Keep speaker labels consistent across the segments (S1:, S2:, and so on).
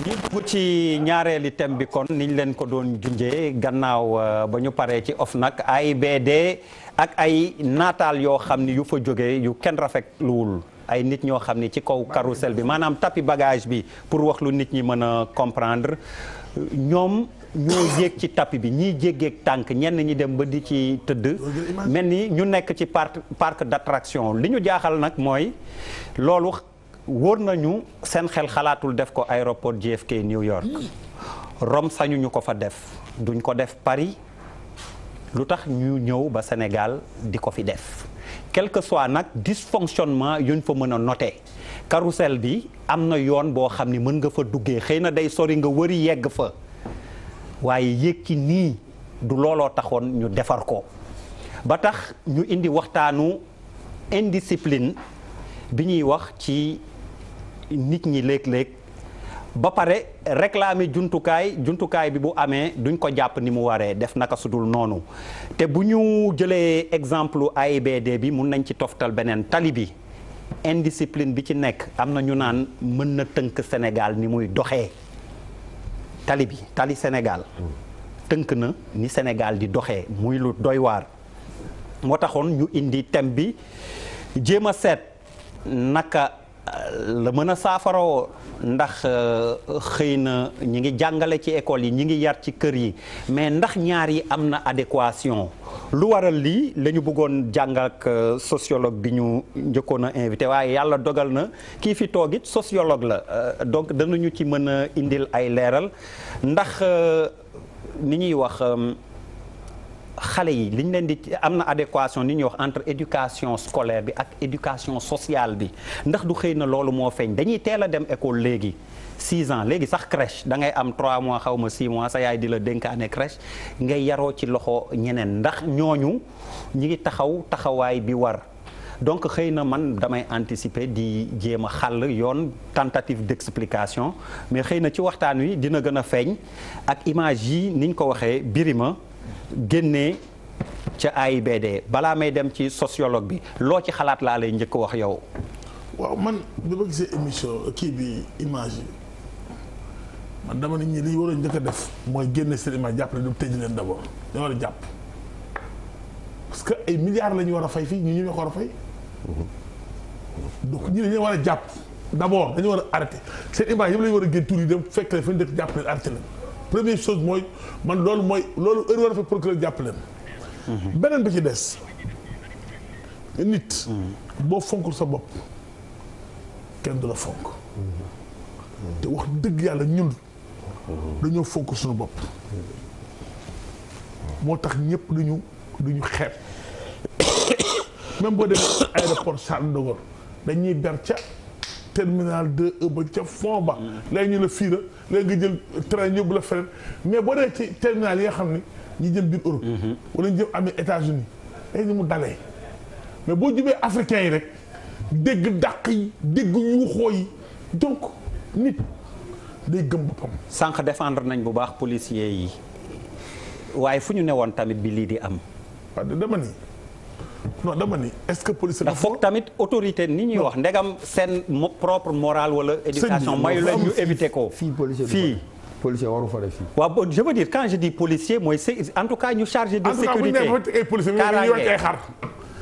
S1: ñu dugg ci ñaareeli thème bi kon niñ leen ko doon junjee gannaaw euh, ba ñu paree ci of OFNAC AIBD ak ay nataal yoo xam ni yu fa jóge yu kenn rafetluwul ay nit ñoo xam ni ci kaw carrousel bi maanaam tapis bagage bi pour wax lu nit ñi mën a comprendre ñoom ñoo yéeg ci tapis bi ñii jéggeeg tànk ñenn ñi dem ba di ci tëdd mel ni ñu nekk ci parc parc d'attraction li ñu jaaxal nag mooy loolu wóor nañu seen xel xalaatul def ko aéroport JFK New York hmm. Rome sañu ñu ko fa def duñ ko def Paris lu tax ñu ñëw ba Sénégal di ko fi def quelque que soit nag dysfonctionnement yuñ fa mën a noté carrousel bi am na yoon boo xam ni mën nga fa duggee xëy na day sori nga wëri yegg fa waaye Yékini du looloo taxoon ñu defar ko ba tax ñu indi waxtaanu indiscipline bi ñuy wax ci nit ñi léeg-léeg ba pare réclamer jumtukaay jumtukaay bi bu amee duñ ko jàpp ni mu waree def naka sudul noonu te bu ñu jëlee exemple AIBD bi mun nañ ci toftal beneen tali bi indiscipline bi ci nekk am na ñu naan mën na tënk Sénégal ni muy doxee tali bi tali Sénégal tënk na ni Sénégal di doxe muy lu doy waar moo taxoon ñu indi thème bi jéem a seet naka la mën a saafaroo ndax euh, xëy na ñi ngi jàngale ci école yi ñi ngi yar ci kër yi mais ndax ñaar yi am na adéquation lu waral lii lañu buggoon bëggoon jàng ak euh, sociologue bi ñu njëkkoon a invité waaye yàlla dogal na kii fi toog it sociologue la euh, donc danañu ci mën a indil ay leeral ndax ni ñuy wax xale yi li ñu leen di am na adéquation ni ñuy wax entre éducation scolaire bi ak éducation sociale bi ndax du xëy na loolu moo feeñ dañuy teel a dem école léegi. six ans léegi sax crèche dangay am trois mois xaw ma six mois sax yaay di la dénkaane crèche ngay yaroo ci loxo ñeneen ndax ñooñu ñi ngi taxaw taxawaay bi war donc xëy na man damay anticiper di jéem a xàll yoon tentative d'explication mais xëy na ci waxtaan wi dina gën a feeñ ak image yi niñ ko waxee birima génnee ca AIBD balaa may dem ci sociologue bi loo ci xalaat laa lay njëkk wax yow.
S2: waaw man bi kii bi image yi man dama ne ñi li war a njëkk def mooy génne seen image jàpp ne du tëj leen d'abord dañu war a jàpp parce que ay milliards la ñu war a fay fii ñu ñu ko war a fay. donc ñi dañu war a jàpp d'abord dañu war a arrêté seen image yëpp la war a génn tur yi dem fekk leen fa ñu jàpp leen arrêté leen. première chose mooy man loolu mooy loolu heure war procureur jàpp beneen bi ci des nit boo fonkul sa bopp kenn du la fonk te wax dëgg yàlla ñun dañoo fonk suñu bopp moo tax ñëpp duñu duñu xeeb même boo demee aéroport Charles de Gaulle dañuy ber terminal 2 e ba ca fond ba. ñu la fii la léegi nga jël train yóbbu la feneen mais boo dee ci terminal yi nga xam ni ñi jëm biir Europe. Mhm. wala ñu jëm amee états uni léegi ni mu dalee mais boo jubee africain yi rek dégg dàq yi dégg yuuxoo yi donc nit day gëm boppam. sànq défendre
S1: nañ bu baax policier yi waaye fu ñu newoon tamit bi lii di am. waaw dama ni. non dama ni est-ce que police dafa foog tamit autorité ni ñuy wax ndegam seen propre morale wala éducation mayu leen ñu
S3: éviter ko fii policier
S1: waru fa def fii. waaw je veux dire quand je dis policier mooy en tout cas ñu chargé de sécurité ay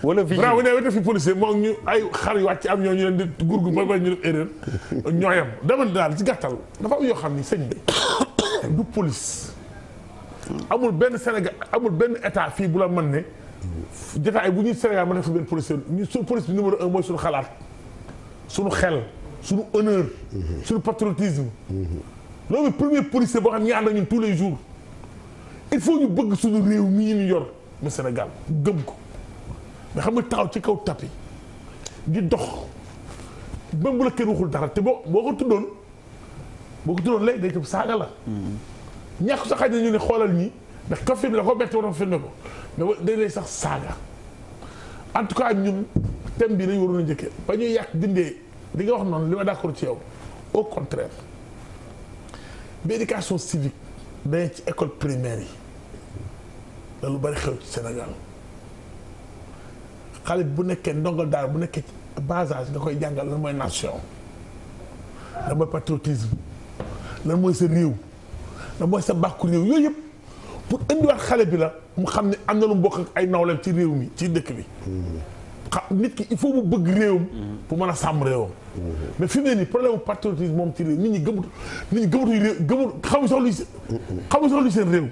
S2: wala vigile waaw bu ñu nee fi policier moom ay xar yu wàcc am ñoo ñu leen di gurgur mooy ba ñu def erreur ñooyam dama daal ci gàttal dafa am yoo xam ni sëñ bi du police. amul benn Sénégal amul benn état fi bu la mën ne. jotaay bu ñuy Sénégal ma def fa benn police ñu suñu police bi numéro un mooy suñu xalaat suñu xel suñu honneur suñu patriotisme loolu premier policier boo xam ñu ànd ak ñun tous les il faut ñu bëgg suñu réew mii ñu yor mu Sénégal ko xam nga taxaw ci kaw tapi di dox même bu la kenn waxul dara te boo boo ko tuddoon boo ko tuddoon léegi day ko saaga la
S4: mm-hmm.
S2: ñax sa xaj na ñu ne xoolal ñi ndax ko filmé la ko bett waroon filmé ko mais day lay sax saaga en tout cas ñun thème bii lañ waroon a njëkkee ba ñuy yàq dindee li nga wax noonu li ma d'accord ci yow au contraire bi éducation civique dañu ci école primaire yi la lu bari xew ci Sénégal xale bu nekkee ndongal daal bu nekkee basage âge nga koy jàngal lan mooy nation lan mooy patriotisme lan mooy sa réew lan mooy sa bàkku réew yooyu yëpp pour indiwaat xale bi la mu xam ne am na lu mu bokk ak ay nawleem ci réew mi ci dëkk bi. xam nit ki il faut mu bëgg réewam. pour mën a sàmm réewam. mais fi mu nii problème mu moom ci réew nit ñi gëmut nit ñi gëmutuñu réew gëmut xamuñu sax luy seen. seen réew.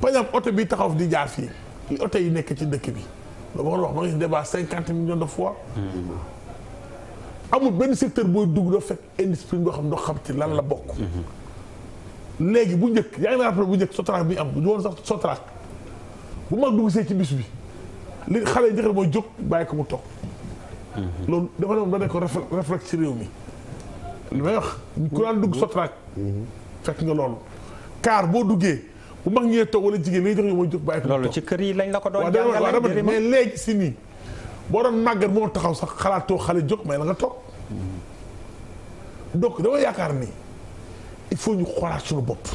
S2: par exemple oto bi taxaw di jaar fii li oto yi nekk ci dëkk bi loolu moo wax ma ngi cinquante millions de fois. amul benn secteur booy dugg doo fekk industrie boo xam ne doo xam ci lan la bokk. léegi bu njëkk yaa ngi rappelé bu njëkk sotraak bi ñu am du woon sax sotraak bu mag duggsee ci bis bi li xale yi njëkk mooy jóg bàyyi ko mu toog mhm. loolu dafa ne moom da nekk réflexe ci réew mi lu may wax ku daan dugg mhm. sotraak mhm. fekk nga loolu kaar boo duggee bu mag ñee toog wala jigéen li nga jox mooy jóg bàyyi ko ci kër yi lañ la ko doon jàngale mais léegi si nii boo doon màggat moo taxaw sax xalaatoo xale jóg may la nga toog donc dama yaakaar nii il faut ñu xoolaat suñu bopp.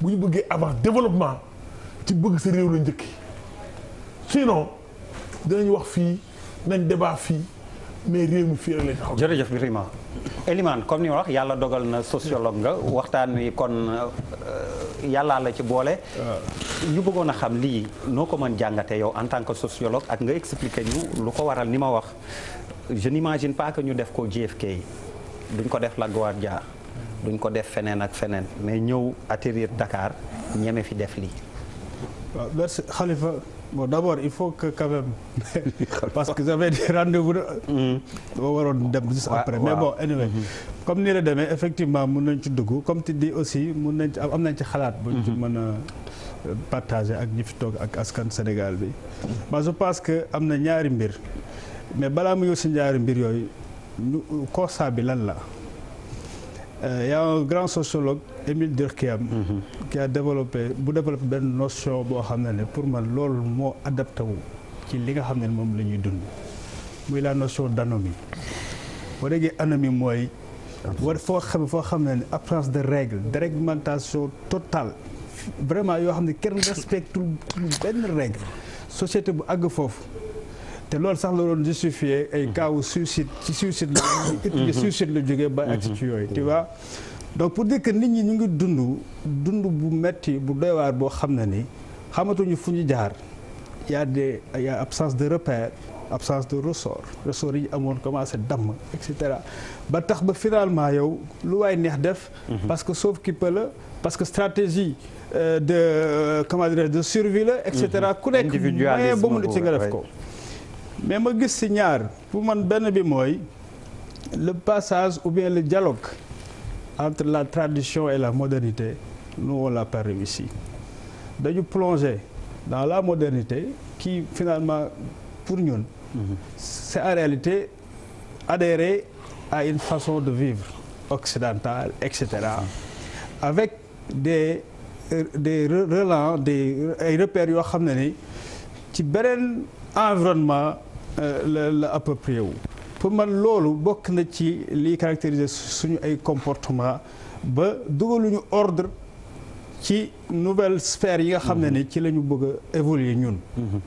S2: bu ñu bëggee avant développement ci bëgg sa réew la njëkki sinon dinañ wax fii nañ débat fii mais réew mi fii rek lañ taxaw.
S1: jërëjëf comme ni ma wax yàlla dogal na sociologue nga waxtaan wi kon euh, yàllaa la ci boole. Ah. ñu bëggoon a xam lii noo ko mën jàngatee yow en tant que sociologue ak nga expliquer ñu lu ko waral ni ma wax je n'imagine pas que ñu def ko JFK duñ ko def la Guardia. duñ ko def feneen ak feneen mais ñëw atterrir Dakar ñeme fi def lii.
S5: waaw merci Khalifa bon d' abord il faut que quand même parce que j'avais dit rendez-vous de. Mm-hmm. dama waroon dem juste après. mais bon anyway mm-hmm. comme nii la demee effectivement mun nañ ci dugg comme tu dis aussi mun nañ ci am nañ ci xalaat. buñ ci mm-hmm. mën a partager ak ñi fi toog ak askan Sénégal bi. mais je parce que am na ñaari mbir mais balaa mu ñëw si ñaari mbir yooyu ñu constat bi lan la. il euh, y a un grand sociologue Émile Durkheim mm -hmm. qui développé bu développé benn notion boo xam ne ne pour man loolu moo adapté wu ci li nga xam ne moom la ñuy dund muy la notion d'anomie boo déggee anomie mooy war foo xam foo xam ne ne absence de règles déréglementation totale vraiment yoo xam ne kenn respectul benn règle société bu àgg foofu te loolu sax la doon justifier ay mhm. cas wu ci suicide la it mhm. suicide la jógee ba agsi ci yooyu tu mhm. vois donc pour dire que nit ñi ñu ngi dund dund bu metti bu doy boo xam ne ni xamatuñu fu ñu jaar y a a absence de repère absence de ressort ressort yi amoon commencé damm et ba tax ba finalement yow lu waay neex def parce que sauve qui la parce que stratégie euh, de euh, comment dirais de survie la et cetera ku nekk moyen ba mu ne ci nga def ko mais ma gis ci ñaar pour man benn bi mooy le passage ou bien le dialogue entre la tradition et la modernité nous on l'a pas dañu plonger dans la modernité qui finalement pour ñun c'est en réalité adhérer à une façon de vivre occidentale etc avec des des relents des ay repères yoo xam ne ni ci beneen environnement Euh, la la approprié wu pour man loolu bokk na ci liy caractériser suñu ay comportement ba dugaluñu ordre ci nouvelle sphère yi nga xam ne ni ci la ñu bëgg a évoluer ñun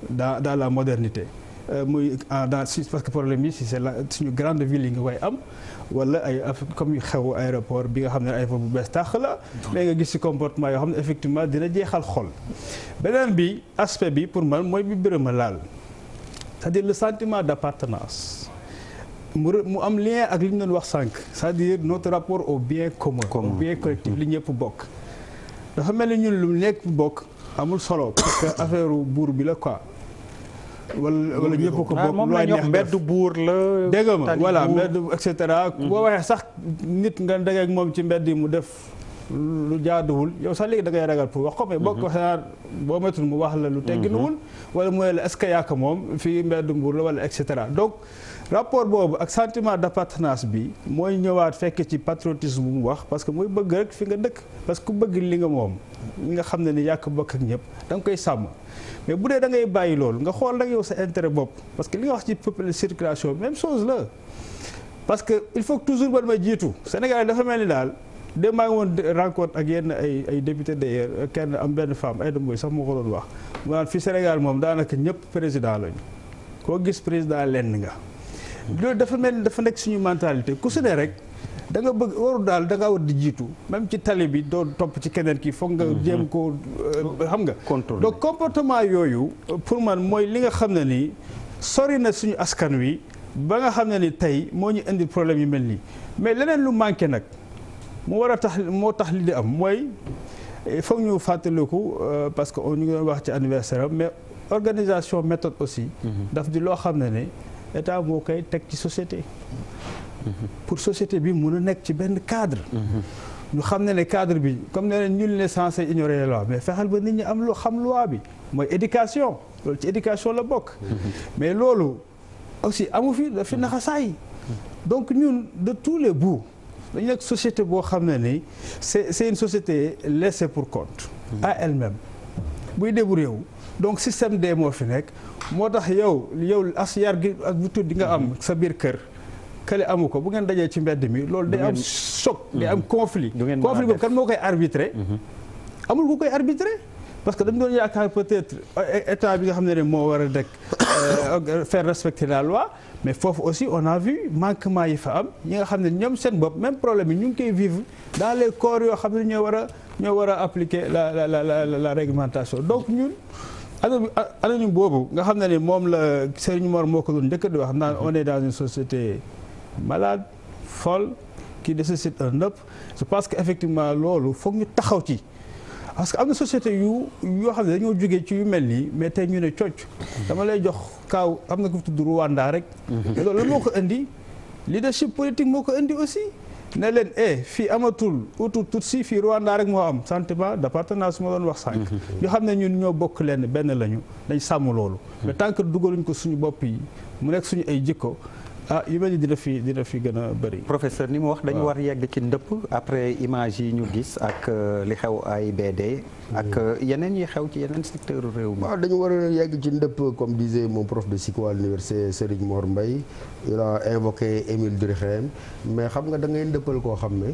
S5: daa dans la modernité euh, muy ah, dans si parce que problème yi si c'est la suñu grande ville yi nga koy am wala ay comme yu xew aéroport bi nga xam ne aéroport bu bees tàq la léegi nga gis si comportement yoo xam ne effectivement dina jeexal xol beneen bi aspect bi pour man mooy bi bërëm a laal c'est-à-dire le sentiment d'appartenance mu am lien ak li ñu doon wax sànq c'est-à-dire notre rapport au bien commun au bien collectif mm-hmm. li ñëpp bokk dafa mel ni ñun lu nekk bokk amul solo parce que affaire buur bi la quoi walla wala ñëpp ko bokk lu ay neex mbedd buur la dégg ma voilà mbedd et cetera mm-hmm. boo waxee sax nit nga dajeek moom ci mbedd yi mu def lu jaaduwul yow sax léegi dangay ngay ragal pour wax ko mais boo ko mhm. xanaa boo matul mu wax la lu tegginuwul mhm. wala mu la est-ce que yaa ko moom fii mbeddu mbuur la wala et cetera donc rapport boobu ak sentiment d'appartenance bi mooy ñëwaat fekk ci patriotisme bu mu wax parce que mooy bëgg rek fi nga dëkk parce que ku bëgg li nga moom li nga xam ne ni yàq bokk ak ñëpp da nga koy sàmm mais bu dee da ngay bàyyi loolu nga xool rek yow sa intérêt bopp parce que li nga wax ci peuple circulation même chose la parce que il faut toujours man ma jiitu Sénégal dafa mel ni daal de maa woon rencontre ak yenn ay ay député d'ailleurs kenn am benn femme ay dëmboy sax moo ko doon wax mu naan fi Sénégal moom daanaka ñëpp président lañu koo gis président lenn nga loolu dafa mel ni dafa nekk suñu mentalité ku su rek da nga bëgg waru daal da ngaa war di jiitu même ci tali bi doo topp ci keneen ki foog nga mhm. jéem ko euh, xam nga donc comportement yooyu pour man mooy li nga xam ne nii sori na suñu askan wi ba nga xam ne ni tey moo ñu indi problème yu mel nii mais leneen lu manqué nag mu war a tax moo tax li di am mooy foog ñu fàttaliku euh, parce que ñu ngi wax ci anniversaire mais organisation méthode aussi. Mhm. daf di loo xam ne ne état moo koy teg ci société. Mhm. pour société bi mun a nekk ci benn cadre. Mhm. ñu xam ne ne cadre bi comme ne leen ñu n'est censé ignorer la loi mais fexeel ba nit ñi am lu xam loi bi mooy éducation loolu ci éducation la bokk. mais loolu aussi amu fi dafi naxa saay donc ñun de tous les bouts. dañ nekk société boo xam ne ni c'est c'est une société laissée pour compte hmm. à elle-même buy débrouillé donc système de moo fi nekk moo tax yow yow as gi ak bu tudd di nga am hmm. sa biir kër kële amu ko bu ngeen dajee ci mbedd mi loolu day am choc day am hmm. conflit conflit boobu kan moo koy arbitré amul ku koy arbitré parce que dañu doon yaakaar peut-être euh, état bi nga xam ne ne moo war a dekk euh, faire respecter laa loi mais foofu aussi on a vu manquement yi fa am ñi nga xam ne ñoom seen bopp même problème yi ñu ngi koy vivre dans les corps yoo xam ne ñoo war a ñoo a appliquer la la la la la réglementation donc ñun anonyme boobu nga xam ne ni moom la Serigne Mor moo ko doon njëkk di wax naan on est dans une société malade folle qui nécessite un ëpp je parce que effectivement loolu foog ñu taxaw ci. parce que am na société yu yoo xam ne dañoo jógee ci yu mel nii mais tey ñu ne cocc dama lay jox kaaw am na ko tudd Rwanda rek mhm. loolu la ko indi leadership politique moo ko indi aussi ne leen eh, fii amatul utu tutsi fii Rwanda rek moo am sentiment d'appartenance su ma doon wax sànq yoo mhm. xam ne ñun ñoo bokk leen benn lañu dañ sàmm loolu mhm. mais tant que dugaluñ ko suñu bopp yi mu nekk suñu ay jikko ah yu mel ni dina fi dina fi gën a bëri. professeur ni mu wax dañu war yegg ci ndëpp après image yi ñu gis ak euh, li
S3: xew ay BD. ak hmm. euh, yeneen yi xew ci yeneen secteur réew mi. waaw dañu war yegg ci ndëpp comme disait mon prof de psycho à l'université Serigne Mor Mbaye il a invoqué Émile Durkheim mais xam nga da ngay ndëppal koo xam ne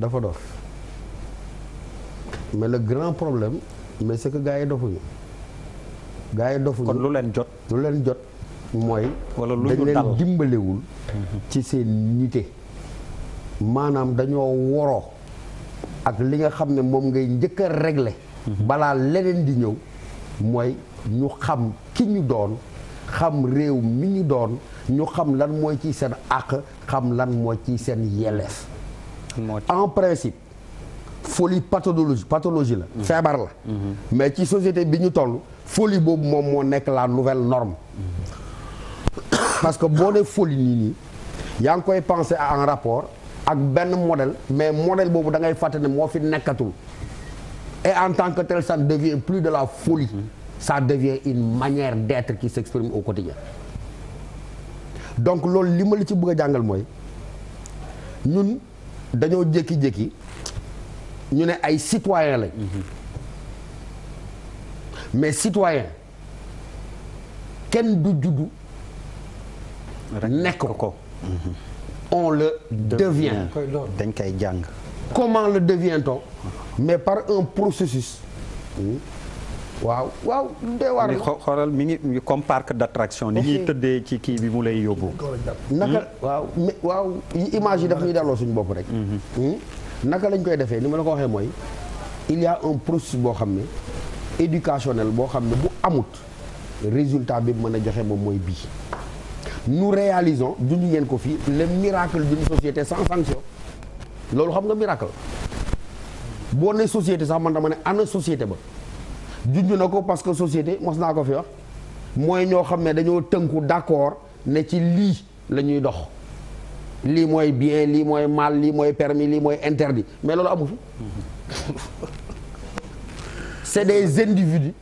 S3: dafa dof mais le grand problème mais c'est que gars yi dofuñu. gars yi dofuñu kon lu leen jot lu leen jot. mooy. wala lu ñu dañ dimbalewul. ci seen nité maanaam dañoo woroo ak li nga xam ne moom ngay njëkk a régler. Mhm. balaa leneen di ñëw mooy ñu xam ki ñu doon xam réew mi ñu doon ñu xam lan mooy ci seen àq xam lan mooy ci seen yelleef. en principe folie pathologie pathologie la. Mhm. feebar la. Mhm. mais ci société bi ñu toll folie boobu moom moo nekk la nouvelle norme. parce que boo dee folie nii yaa ngi koy pensé en rapport ak benn modèle mais modèle boobu da ngay fàtte ne moo fi nekkatul et en tant que tell ça ne devient plus de la folie ça devient une manière d'être qui s'exprime au quotidien donc loolu li ma li ci bëgg a jàngal mooy ñun dañoo jékki-jékki ñu ne ay citoyen la mhm. mais citoyen kenn du juddu nekk ko on le devient dañ koy jàng comment le devient mais par un processus waaw waaw dee waar xoolal mi ngi
S1: comme parc d'attraction ni ñuy tëddee ci kii
S3: bi mu lay yóbbu naka hmm? waaw waaw image yi daf ñuy delloo suñu bopp rek hmm. Hmm? naka lañ koy defee ni ma la ko waxee mooy il y a un processus boo xam ne éducationnel boo xam ne bu amut résultat bi mën a joxe moom mooy bii nous réalisons dund ngeen ko fii le miracle d'une société sans sanction loolu xam nga miracle boo ne société sax man ma ne ana société ba junj na ko parce que société mos naa ko fi wax mooy ñoo xam ne dañoo tënku d'accord ne ci lii la ñuy dox lii mooy bien lii mooy mal lii mooy permis lii mooy interdit mais loolu amu fi c'est des individus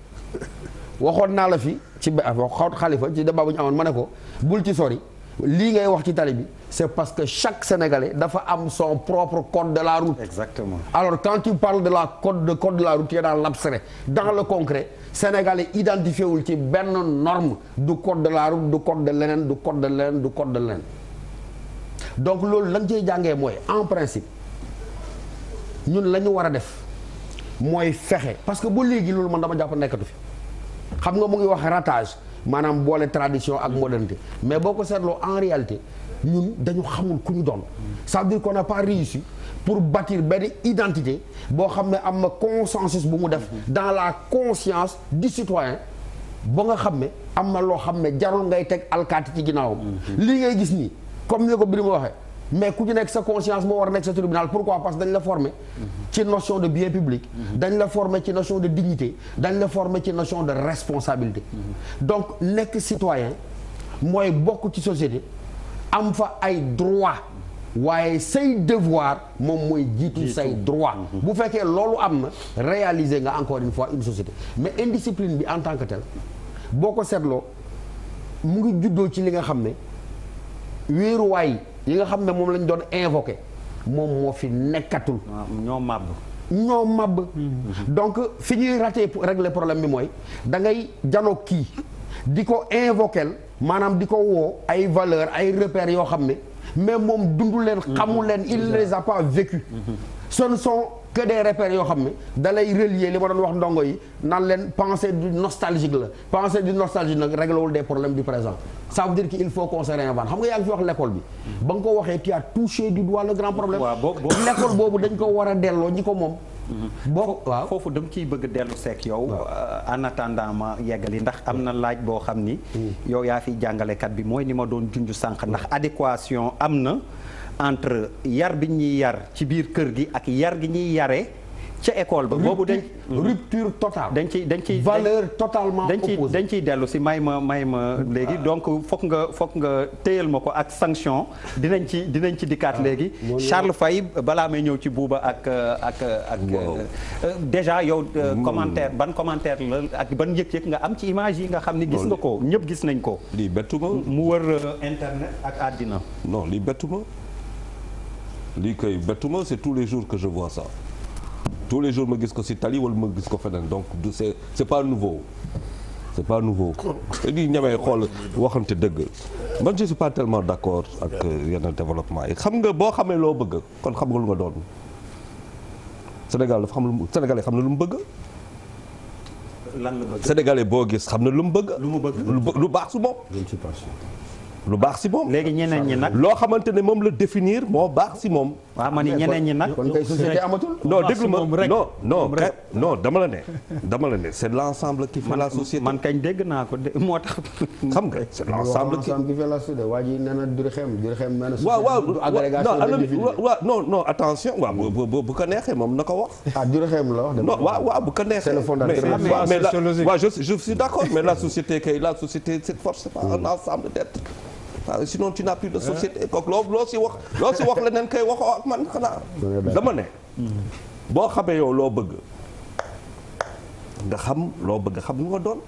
S3: waxoon naa la fi ci ba xaw xalifa ci débat bu ñu amoon ma ne ko bul ci sori lii ngay wax ci tali bi c'est parce que chaque Sénégalais dafa am son propre code de la route. exactement alors quand tu parles de la code de code de la route tu es dans l'abstrait dans le concret Sénégalais identifié wul ci benn norme du code de la route du code de leneen du code de leneen du code de leneen donc loolu la nga cey jàngee mooy en principe ñun la ñu war a def mooy fexe parce que ba léegi loolu man dama jàpp nekkatu fi xam nga mu ngi wax ratage. maanaam boole tradition ak modernité mais boo ko seetloo en réalité ñun dañu xamul ku ñu doon ça veut dire n'a pas réussi pour bâtir benn identité boo xam ne am na consensus bu mu def dans la conscience du citoyen ba nga xam ne am na loo xam ne jarul ngay teg alkaati ci ginnaawam. Mm-hmm. lii ngay gis nii comme ni ko Birima waxee mais ku ci nekk sa conscience moo war a nekk sa tribunal pourquoi parce que dañ la former ci notion de bien public dañ la former ci notion de dignité dañ la former ci notion de responsabilité donc nekk citoyen mooy bokk ci société am fa ay droit waaye say devoir moom mooy jiitu say droit mhm. bu fekkee loolu am na réaliser nga encore une fois une société mais indiscipline bi en tant que tel boo ko seetloo mu ngi juddoo ci li nga xam ne wéeruwaay yi nga xam ne moom lañ doon invoqué moom moo fi nekkatul. ñoo màbb. ñoo màbb. Mhm. donc fi ñuy raté régler problème bi mooy dangay ngay janoo kii di ko invoqué maanaam di ko woo ay valeur ay repères yoo xam ne mais moom dundu leen. Mhm. xamu leen il les a pas vécu. Mhm. ce ne que des repères yoo xam ne da lay relier li ma doon wax ndongo yi nan leen pensée du nostalgique la pensée du nostalgique nag réglewul des problèmes du présent ça veut dire que il faut qu'on xam nga yaa ngi fi wax l'école bi ba nga ko waxee tu as du doigt le grand problème l'école boobu dañ ko war a delloo ñi ko moom mm-hmm. boo
S1: waaw foofu dama ciy bëgg dellu seek yow euh, en attendant ma yeggali ndax am na laaj boo xam ni mm. yow yaa fi jàngalekat bi mooy ni ma doon junj sànq ndax mm. adéquation am na entre yar bi ñuy yar ci biir kër gi ak yar gi ñuy yare ca école ba boobu dañ rupture totale dañ ciy dañ ciy valeur totalement opposée dañ ciy dellu si may ma may ma léegi ah. donc foog nga foog nga téyal ma ko ak sanction dinañ ci dinañ ci dikkaat ah. léegi Charles fay balaa may ñëw ci buuba ak ak ak euh, euh, déjà yow euh, hmm. commentaire ban commentaire la ak ban yëg-yëg nga am ci image yi nga xam ni gis nga ko ñëpp gis nañ ko lii bettuma mu wër internet ak àddina non lii bettuma
S6: lii koy bettuma c'est tous les jours que je vois ça tous les jours ma gis ko ci tali wala ma gis ko feneen donc du c'est c'est pas nouveau c'est pas nouveau di ñamee xool waxante dëgg man si suis pas tellement d'accord ak euh, yenn développement yi xam nga boo xamee loo bëgg kon xam nga lu nga doon Sénégal dafa xam lu mu xam na lu mu bëgg lan la bëgg boo gis xam na lu mu bëgg lu mu bëgg lu baax su moom lu baax si moom. léegi ñeneen ñi nag loo xamante ne moom la définir moo baax si moom. waaw ma ni ñeneen ñi nag. kon kay amatul. non déglu ma non dama la ne. dama la ne c' est l' ensemble qui fait la société. man kañ dégg naa ko moo tax.
S3: xam nga c' waa ji nee na duri xem duri
S6: bu bu ko neexee moom na ko wax. ah duri xem neexee. mais waaw je suis d' accord mais la société kay la société cette force c' pas ensemble d' waaw ah, sinon tu n'as plus de société kooku loo loo si wax loo si wax la neen koy waxoo ak man xanaa dama ne boo xamee yow loo bëgg nga xam loo bëgg xam lu nga doon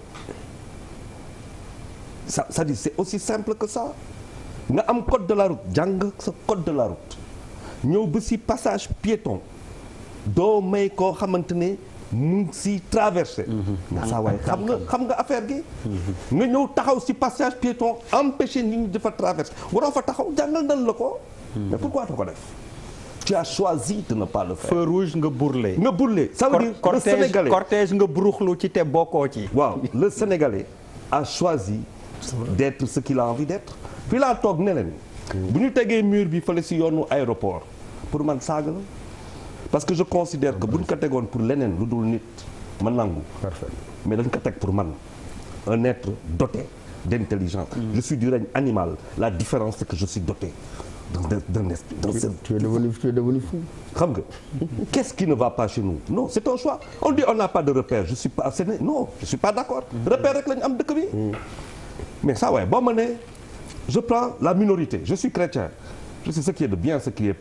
S6: sa sa à c'est aussi simple que sa nga am code de la route jàng sa code de la route ñëw ba si passage piéton doo may koo xamante ne mu ngi si traversé mm-hmm. ngaa saa waaye mm-hmm. xam nga xam nga affaire gi mm-hmm. nga ñëw taxaw si passage piéton empêché nit ñi dafa traversé waroo fa taxaw jàngal dan la ko mais pourquoi ko def tu as choisi de ne le faire. feu rouge nga nga bourlé ça veut dire nga buruxlu ci te bokkoo ci. waaw le sénégalais a choisi d'être ce qu'il a envie d'être fi laa toog ne leen bu ñu tegee mur bi fële si yoonu aéroport pour man saaga la parce que je considère que buñ ko tegoon pour leneen lu dul nit man nangu mais dañ ko teg pour man un être doté d'intelligence mm. je suis du règne animal la différence c'est que je suis doté d'un esprit tu es devenu fou xam nga qu'est-ce qui ne va pas chez nous non c'est ton choix on dit on n'a pas de repère je suis pas séné non je suis pas d'accord mm. repère rek lañu am dëkk bi mm. mais ça waaye boo ma ne je prends la minorité je suis chrétien je sais de bien ce qui est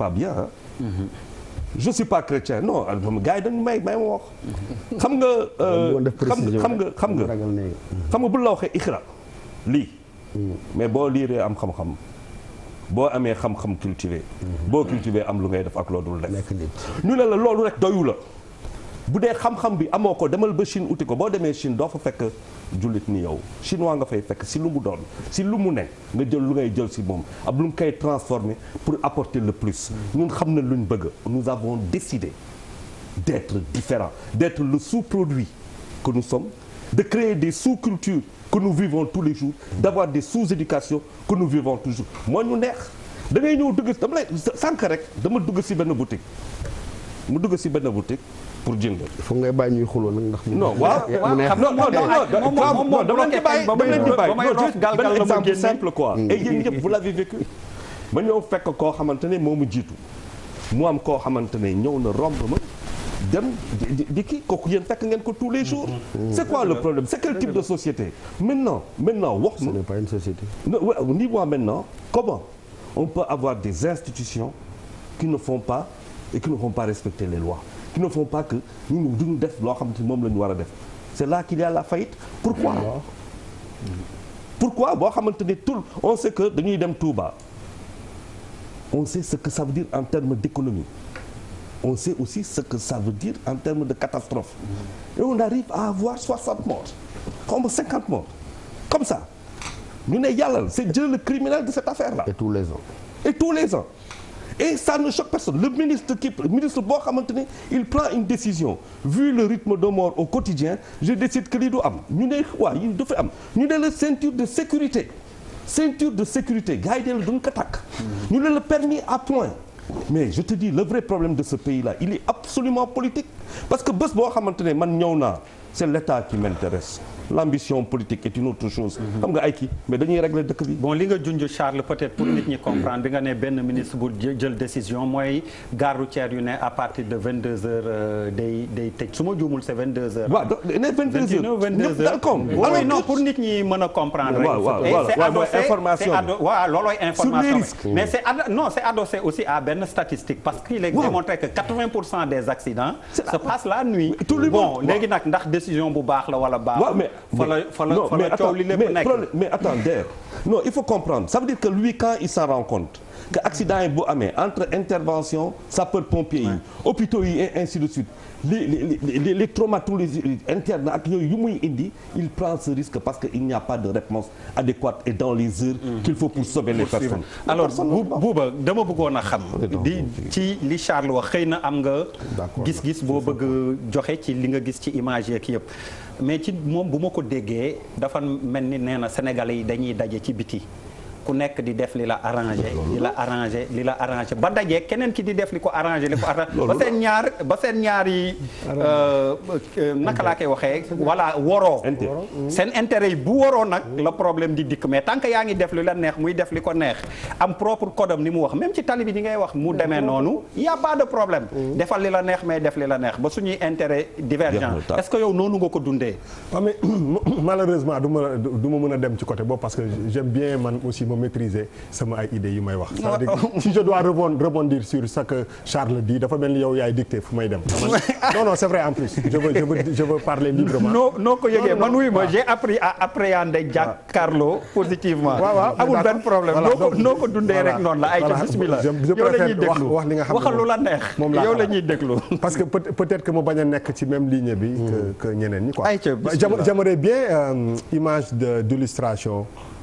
S6: je suis pas chrétien non gars yi dañu may may ma wax. xam nga. Euh, xam nga xam nga xam nga bu la waxee Iqra lii. Hmm. mais boo liiree am xam-xam. boo amee xam-xam cultivé. boo cultiver am lu ngay def ak loolu dul def. ñu ne la loolu rek doyu bu dee xam-xam bi amoo ko demal ba Chine uti ko boo demee Chine doo fa fekk jullit ni yow chinois nga fay fekk si lu mu doon si lu mu nekk nga jël lu ngay jël si moom ab lu mu koy transformer pour apporter le plus ñun xam na luñ bëgg nous avons décidé d'être différents d'être le sous-produit que nous sommes de créer des sous culture que nous vivons tous les jours d'avoir des sous-éducations que nous vivons toujours moo ñu neex dangay ngay ñëw dugg dama lay sànq rek dama dugg si benn boutique mu dugg si benn boutique pour jënd. foog ngay bàyyi ñuy xuloo nag ndax. non waaw xam non non non non dama leen di bàyyi dama leen di bàyyi non juste exemple simple quoi. et yéen ñëpp vous l'avez vécu. ma ñëw fekk koo xamante ne moomu jiitu mu am koo xamante ne ñëw na romb ma dem di kii kooku yéen fekk ngeen ko tous les jours. Mm-hmm. c'est quoi le problème c'est quel type de société. maintenant maintenant wax ma. ce n'est pas une société. au niveau maintenant comment on peut avoir des institutions qui ne font pas et qui ne vont pas respecter les lois. qui ne font pas que ñun duñu def loo xam te moom la ñu war a def c'est là qu'il y a la faillite pourquoi pourquoi boo xamante ni tout on sait que dañuy dem Touba on sait ce que ça veut dire en termes d'économie on sait aussi ce que ça veut dire en termes de catastrophe et on arrive à avoir 60 morts xaw ma 50 morts comme ça ñu ne yàlla c'est Dieu le criminel de cette affaire là et tous les ans et tous les ans et ça ne choque personne le ministre qui ministre boo xamante ne il prend une décision vu le rythme de mort au quotidien je décide que lii du am ñu ne waaw yi dafa am ñu ne la ceinture de sécurité ceinture de sécurité gars yi la duñ ko takk ñu ne la permis à point mais je te dis le vrai problème de ce pays là il est absolument politique parce que bés boo xamante ne man ñëw naa c'est l'état qui m'intéresse l'ambition politique est une autre chose. xam
S1: nga ay kii mais dañuy régler dëkk bi. li nga junj Charles peut-être pour nit ñi comprendre bi nga ne benn ministre bu jël décision mooy gare routière yu ne à partir de 22h euh, day day tëj su ma juumul c'est 22h. waaw ne 22h 22h d'accord alors non pour nit ñi mën a comprendre. waaw waaw waaw mooy c'est adossé aussi à benn statistique parce qu'il est démontré que 80 pour cent des accidents se passent la nuit. bon léegi nag ndax décision bu baax la wala baax. mais
S6: attends Der non il faut comprendre ça veut dire que lui quand il s'en rend que accident yi bu amee entre intervention sapeur-pompier yi opito yi et ainsi de suite les les les traumatologies internes ak yooyu yu muy indi il prend ce risque parce que il n'y a pas de réponse
S1: adéquate et dans les heures mm. qu'il faut pour sauver les personnes alors Bouba dama bëggoon a xam di ci li Charles wax xëy na am nga gis-gis boo bëgg joxe ci li nga gis ci image yeeg yëpp mais ci moom bu ma ko déggee dafa mel ni nee na Sénégalais yi dañuy daje ci biti ku nekk di def li la arrangé li la arrangé li la arrangé ba dajee keneen ki di def li ko arrangé li ko arrangé ba seen ñaar ba seen ñaar yi euh, naka laa koy waxee voilà woroo mm-hmm. seen intérêt yi bu woroo nag la problème di dikk mais tant que yaa ngi def li la neex muy def li ko neex am propre kodam ni mu wax même ci tali bi ni ngay wax mu demee mm-hmm. noonu y a pas de problème mm-hmm. defal li la neex mais def li la neex ba su suñuy intérêt divergent
S7: est-ce que yow noonu nga ko dundee ah, malheureusement du ma ma mën a dem ci côté ma maîtriser sama ay idées yi may wax. Ah. c'est-à-dire si je rebondir sur ce Charles dit dafa mel ni yaay dicté fu may dem. non non c'est vrai en plus
S1: je veux parler librement. non ko yëgee man wuy ma ah. j'ai appris à appréhender Giancarlo ah. positivement. waaw amul benn problème noo ko dundee rek noonu la. ayca bismillah yow la ñuy déglu wax li nga xam waxal lu la neex. moom yow la
S7: ñuy déglu. parce que peut-être que mu bañ a nekk ci même ligne bi. que hmm. que ñeneen ñi quoi. ayca bismillah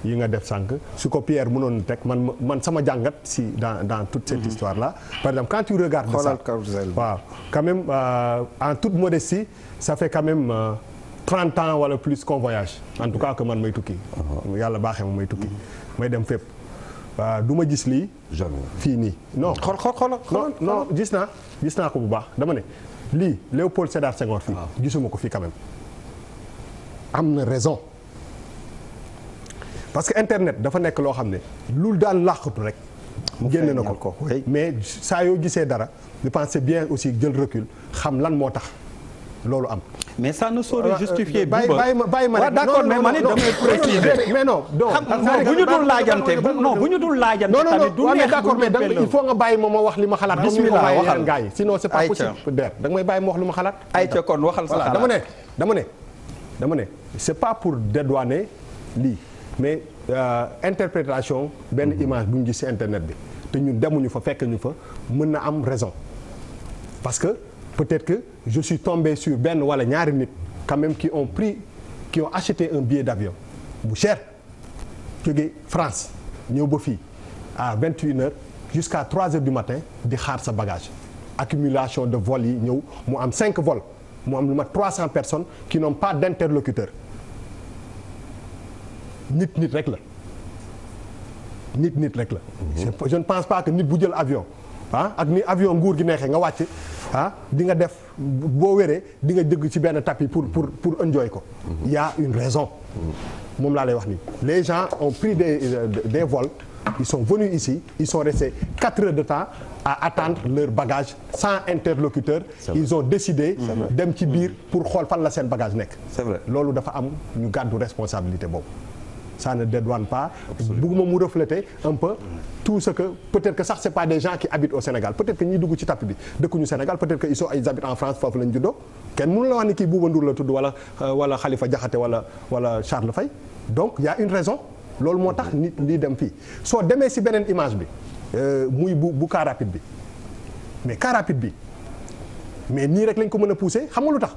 S7: yi nga def sànq su ko Pierre mënoon teg man man sama jàngat si dans dans toute cette mhm. histoire là par exemple quand tu regardes ça waaw quand même euh, en toute modestie ça fait quand même 30 euh, ans wala plus qu'on voyage en tout cas que man may tukki uh-huh. yàlla baaxe ma may tukki mhm. may dem fépp waaw euh, du ma gis lii. jamais fii nii non. xool xool xool non non gis naa gis naa ko bu baax dama ne lii Léopold Sédar Senghor fii. Ah. gisuma ko fii quand même am na raison. parce que internet dafa nekk loo xam ne lu daan làqatu rek. génne na ko mais saa yoo gisee dara je pense c'est bien aussi jël recul xam lan moo tax
S1: loolu am. mais ça ne
S5: saurait euh, justifier. Euh, bàyyi bàyyi ma bàyyi ma rek d'accord mais man it damay préciser.
S7: mais non non bu ñu dul laajante non bu ñu dul laajante tamit du neex d'accord mais danga il faut nga bàyyi ma ma wax li ma xalaat. bismillah waxal gaa yi sinon c'est pas possible. der danga may bàyyi ma wax li ma xalaat. ayca kon waxal sa xalaat dama ne dama ne dama ne c'est pas pour dédouaner lii. mais euh, interprétation benn mhm. image bu ñu gis ci internet bi te ñun demuñu fa fekk ñu fa mën na am raison parce que peut-être que je suis tombé sur benn wala ñaari nit quand même qui ont pris qui ont acheté un billet d'avion bu cher jóge France ñëw ba fii à vingt et une heures jusqu'à trois heures du matin di xaar sa bagage accumulation de vols yi ñëw mu am cinq vols mu am lu ma trois cents personnes qui n'ont pas d'interlocuteur nit nit rek la nit nit rek la. Mhm. je ne pense pas que nit bu jël avion ah ak ni avion nguur gi neexee nga wàcc ah di nga def boo wéree di nga jëgg ci benn tapis pour pour pour enjoy ko. Mhm. y a une raison.
S4: Mhm.
S7: moom laa lay wax nii les gens ont pris des des vols ils sont venus ici ils sont restés quatre heures de temps à attendre leur bagage sans interlocuteur ils ont décidé dem ci biir pour xool fan la seen bagage nekk loolu dafa am ñu gàddu responsabilité boobu ça ne dédouane pas. bugguma mu refléter un peu tout ce que peut-être que sax c'est pas des gens qui habitent au Sénégal peut-être que ñuy dugg ci tapis bi dëkkuñu Sénégal peut-être que ils sont ils en France foofu lañ juddoo kenn mënu la wax ni kii Bouba Ndour la tudd wala euh, wala Khalifa Diakhaté wala wala Charles Faye donc yaa a une raison loolu moo tax nit lii dem fii soo demee si beneen image bi euh, muy bu bu car bi mais car bi mais nii rek lañ ko mën a pousser xam nga lu tax.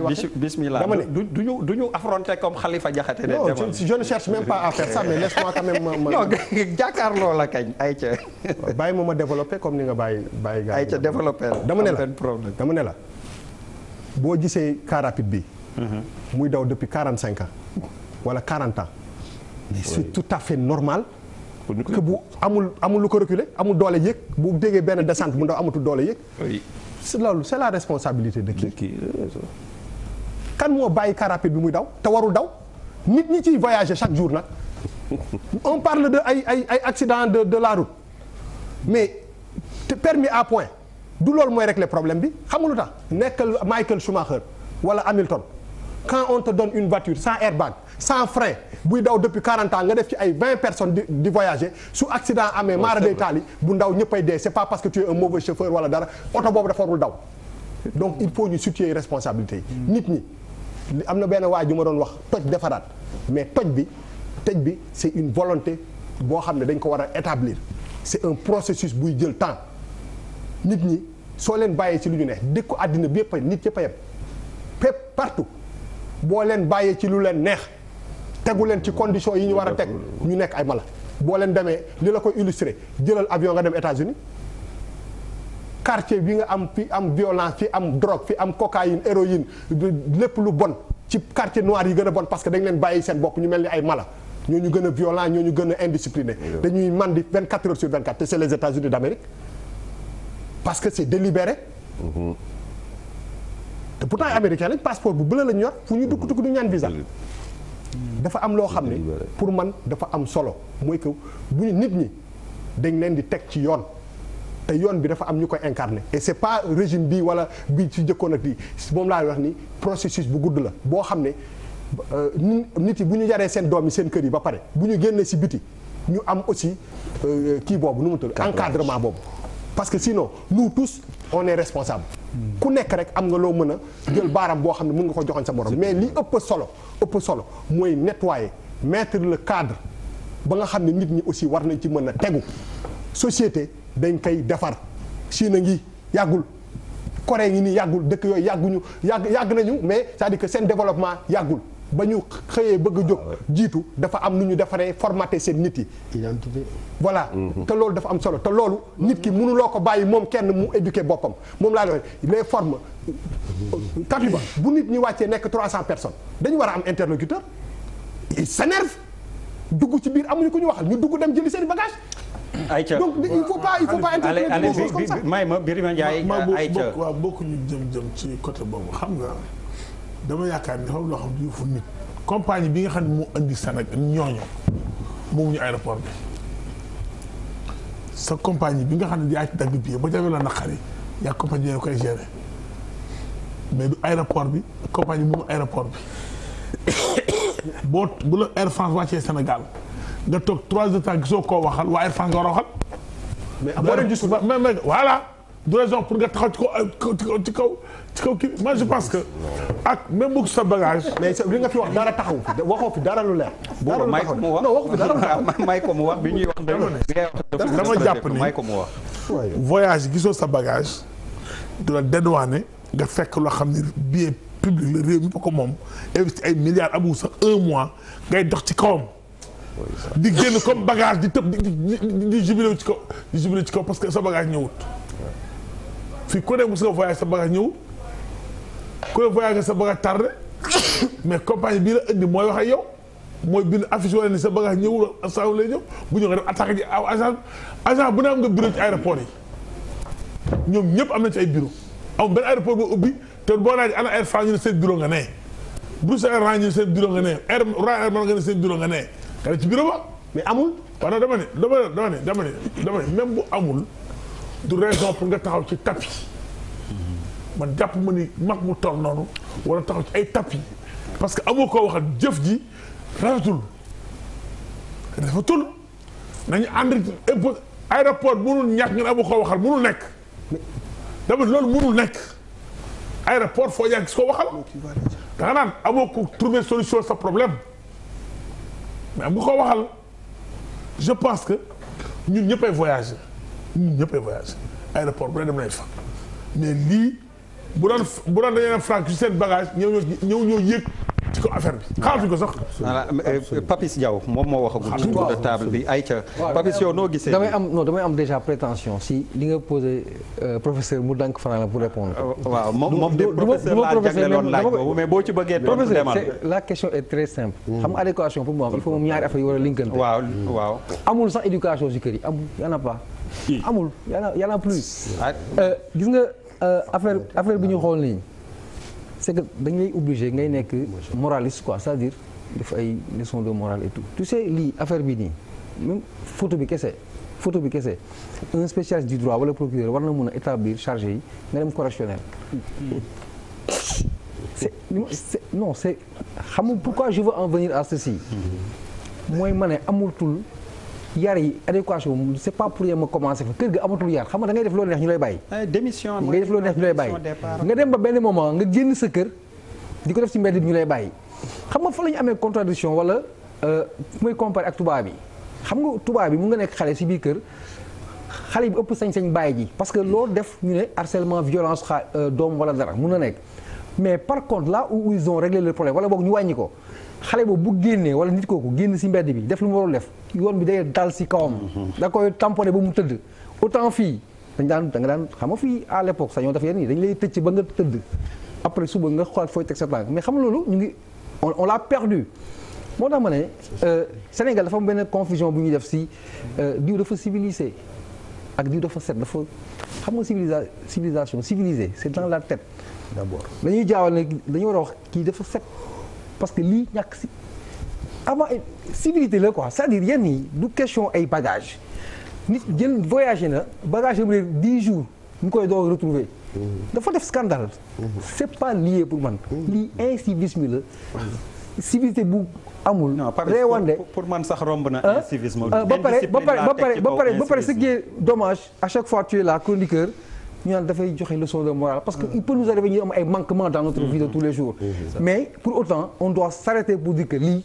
S7: wax bismillah dama ne
S1: du ñu ñu affronter comme Khalifa Diakhaté. non je ne cherche même pas à faire ça mais la kañ ayca. bàyyi ma ma
S7: développer comme ni nga bàyyi bàyyi. gars ayca développer dama ne la dama ne la boo gisee car bi. Mhm. muy daw depuis quarante cinq ans wala quarante ans. mais tout à fait normal. que bu amul amul lu ko reculer amul doole yëg bu déggee benn descente bu ndaw amatul doole yëg. c'est loolu c'est la responsabilité de qui. kan moo bàyyi car bi muy daw te warul daw nit ñi ciy voyager chaque jour nag on parle de ay ay accident de de la route mais te permis à point du loolu mooy le problème bi xam nga lu tax nekkal Michael Schumacher wala Hamilton quand on te donne une voiture sans airbag sans frein buy daw depuis 40 ans nga def ci ay 20 personnes di di voyager su accident amee maara day taali bu ndaw ñëppay dee c'est pas parce que tu es un mauvais chauffeur wala dara oto boobu dafa daw donc il faut ñu situer responsabilité mm. nit ñi am na benn waa ju ma doon wax toj defaraat mais toj bi toj bi c'est une volonté boo xam ne dañ ko war a établir c'est un processus buy jël temps nit ñi soo leen bàyyee ci lu ñu ne dëkku àddina bi yëpp nit yëpp a yem fépp partout boo leen bàyyee ci lu leen neex tegu leen ci conditions yi ñu war a teg ñu nekk ay mala boo leen demee li la koy illustrer jëlal avion nga dem États-Unis quartier bi nga am fi am violence fi am drogue fi am cocaïne héroïne lépp lu bon ci quartier noir yi gën a bon parce que dañ leen bàyyi seen bopp ñu mel ni ay mala ñoo ñu gën a ñoo ñu gën a indiscipliné dañuy mandi 24 heures sur 24 te c'est les États-Unis d'Amérique parce que c'est délibéré mm-hmm. te pourtant américain lañ passeport bu bëla lañ yor fu ñu dugg dugg du ñaan visa mm-hmm. dafa am loo xam ne pour man dafa am solo mooy que bu ñu nit ñi dañ leen di teg ci yoon te yoon bi dafa am ñu koy incarné et c'est pas régime bi wala bi ci jëkkoon ak di moom laa wax ni processus bu gudd la boo xam ne euh, nit yi bu ñu yaree seen doom yi seen kër yi ba pare bu ñu génnee si biti ñu am aussi euh, kii boobu nu mu tudd encadrement boobu parce que sinon nous tous on est responsable ku nekk rek am nga loo mën a jël baaram boo xam ne mun nga ko joxoon sa morom mais li ëpp solo ëpp solo mooy nettoyer mettre la cadre ba nga xam ne nit ñi aussi war nañ ci mën a tegu société dañ koy defar Chine ngi yàggul Corée ngi nii yàggul dëkk yooyu yàgguñu yàgg yàgg nañu mais c'est-à-dire seen développement yàggul ba ñu xëyee bëgg a jóg ah jiitu dafa am nu ñu defaree formaté seen nit yi. voilà. Mm-hmm. te loolu dafa am solo te loolu. nit ki mënuloo ko bàyyi moom kenn mu éduquer boppam moom laa doon les formes. Mm-hmm. Taliban bu nit ñi wàccee nekk 300 personnes dañu war a am interlocuteur. il s'énerve dugg ci biir amuñu ku ñu waxal ñu dugg dem jëli seen bagage ay donc il faut pas il faut
S1: ma Birima Ndiaye
S7: ayca
S2: waaw bokk ñu jëm jëm ci côté boobu xam nga dama yaakaar ne foofu loo xam ne fu nit compagnie bi nga xam ne moo indi Sénégal ñooñu moom ñu aéroport bi sa compagnie bi nga xam ne yaa ci dagg bi ba jafe la naqari yaa compagnie yooyu koy gérer mais du aéroport bi compagnie moom aéroport bi boo bu la Air France wàccee Sénégal nga toog trois de temps gisoo koo waxal waa Air France nga war a waxal. mais amoo leen discours mais voilà. du raison pour nga taxaw euh, ci kaw ci kaw kii moi je pense que ak même bu sa bagage. mais li nga fi wax dara taxaw fi waxoo fi dara lu leer. dara lu taxaw
S1: bu ma waxu fi dara lu leer may ko mu wax bi ñuy wax. dama jàpp ni
S2: voyage gisoo sa bagage. du la dédouané nga fekk loo xam ne billet public la réew mi ko moom investi ay milliards amu sax un mois ngay dox ci kawam. di génn comme bagage di tëb di di jubilé ci kaw di jubilé ci kaw parce que sa bagage ñëwut. fii ku ne mos nga voyage sa bagage ñëw ku ne voyage sa bagage tardé mais compagnie bii la indi mooy wax ak yow mooy bind affiche wala sa bagage ñëwul saa lay bu ñëw nga def attaque ji aw agent agent bu ne am nga bureau ci aéroport yi ñoom ñëpp am nañ ci ay bureau amul benn aéroport boo ubbi te boo laaj ana Air France ñu ne seen bureau nga ne Bruxelles Airlines ñu ne seen bureau nga ne Air Royal nga ne seen bureau nga nee xëy ci bureau ba mais amul. waaw dama ne dama ne dama dama ne dama amul du raison pour nga taxaw ci tapis man jàpp ma ni mag mu toll noonu war a taxaw ci ay tapis parce que amoo koo waxal jëf ji rafetul rafetul nañu ànd ëpp aéroport mënul ñàkk ngeen amoo koo waxal mënul nekk dama loolu mënul nekk aéroport foo yàgg si ko waxal da nga amoo ko trouver solution sa problème. mais am nga ko waxal je pense que ñun ñëppay voyagé ñun ñëppay voyage aéroport bu ne dem nañ fa mais lii bu doon bu doon dañu ne franc ci seen bagage ñëw ñoo ñëw ñoo yëg ci ko affaire bi xaatuñ ko sax.
S1: Euh, Papis Diaw moom moo waxagul. ci tour de table bi ayca. Papis yow noo gisee. damay
S8: am non damay déjà prétention si li nga posé euh, professeur mu dank fanaan la pour répondre. Euh, waaw moom moom de professeur laa mais
S1: boo ci bëggee. professeur
S8: la question est très simple. xam nga adéquation pour mu il faut moom ñaari affaire yu war a linkante. waaw amul sax éducation si kër yi amul y en a pas. amul y en plus. Ah. gis nga affaire affaire bi ñu xool nii. c'est que dañ lay obligé ngay nekk moraliste quoi c'est-à-dire def ay leçon de morale et tout tu lii affaire bi nii même photo bi kese photo bi kese un spécialiste du droit wala procureur war na mun a établir chargé yi nga dem correctionnel c'est non c'est xamul pourquoi je veux en venir à ceci mooy ma ne amul yar yi adéquation c'est pas pour rien ma commencé fa kër ga amatul yar xam nga da ngay def loo eh, neex ñu lay bàyyi. démission ngay def loo neex ñu lay bàyyi. nga dem ba benn moment nga génn sa kër di ko def si mbedd bi ñu lay bàyyi. xam nga fa la ñu amee contradiction wala fu euh, may comparer ak bi xam nga tubaab bi mu nga nekk xale ci biir kër. xale bi ëpp sañ-sañ bàyyi ji parce que loolu def ñu ne harcèlement violence xa euh, doom wala dara mun na nekk mais par contre la où ils ont wala boog ñu wàññi ko xale boobu bu génnee wala nit kooku génn si mbedd bi def lu mu warul def yoon bi day dal si kawam. Mhm. da koy tamponné ba mu tëdd. autant fii dañ daan danga daan xam nga fii à l'époque sax def yenn yi dañ lay tëcc ba nga tëdd après suba nga xoolaat fooy teg sa tànk mais xam loolu ñu ngi on on l'a perdu. moo tax ma ne euh, Sénégal dafa am benn confusion bu ñuy def si euh, diw dafa civilisé ak diw dafa set dafa xam nga civilisa civilisation civilisé c'est dans la tête. d'abord dañuy jaawal ne dañu war a wax kii dafa set. parce que lii ñàkk si avant civilité la quoi c'est-à-dire yenn yi du question ay bagage nit jël voyagé na bagage am réer dix jours ñu koy doog retrouver dafa def scandale c'est pas lié pour man lii incivisme la civilité bu amul. non réewande pour
S1: man sax romb na. incivisme euh, ba pare ba pare ba pare ba pare ce
S8: qui est dommage à chaque fois tu es la chroniqueur. ñu naan dafay joxe leçon de morale parce que il peut nous arriver ñu am ay manquements dans notre vie tous les jours mais pour autant on doit s'arrêter pour dire que lii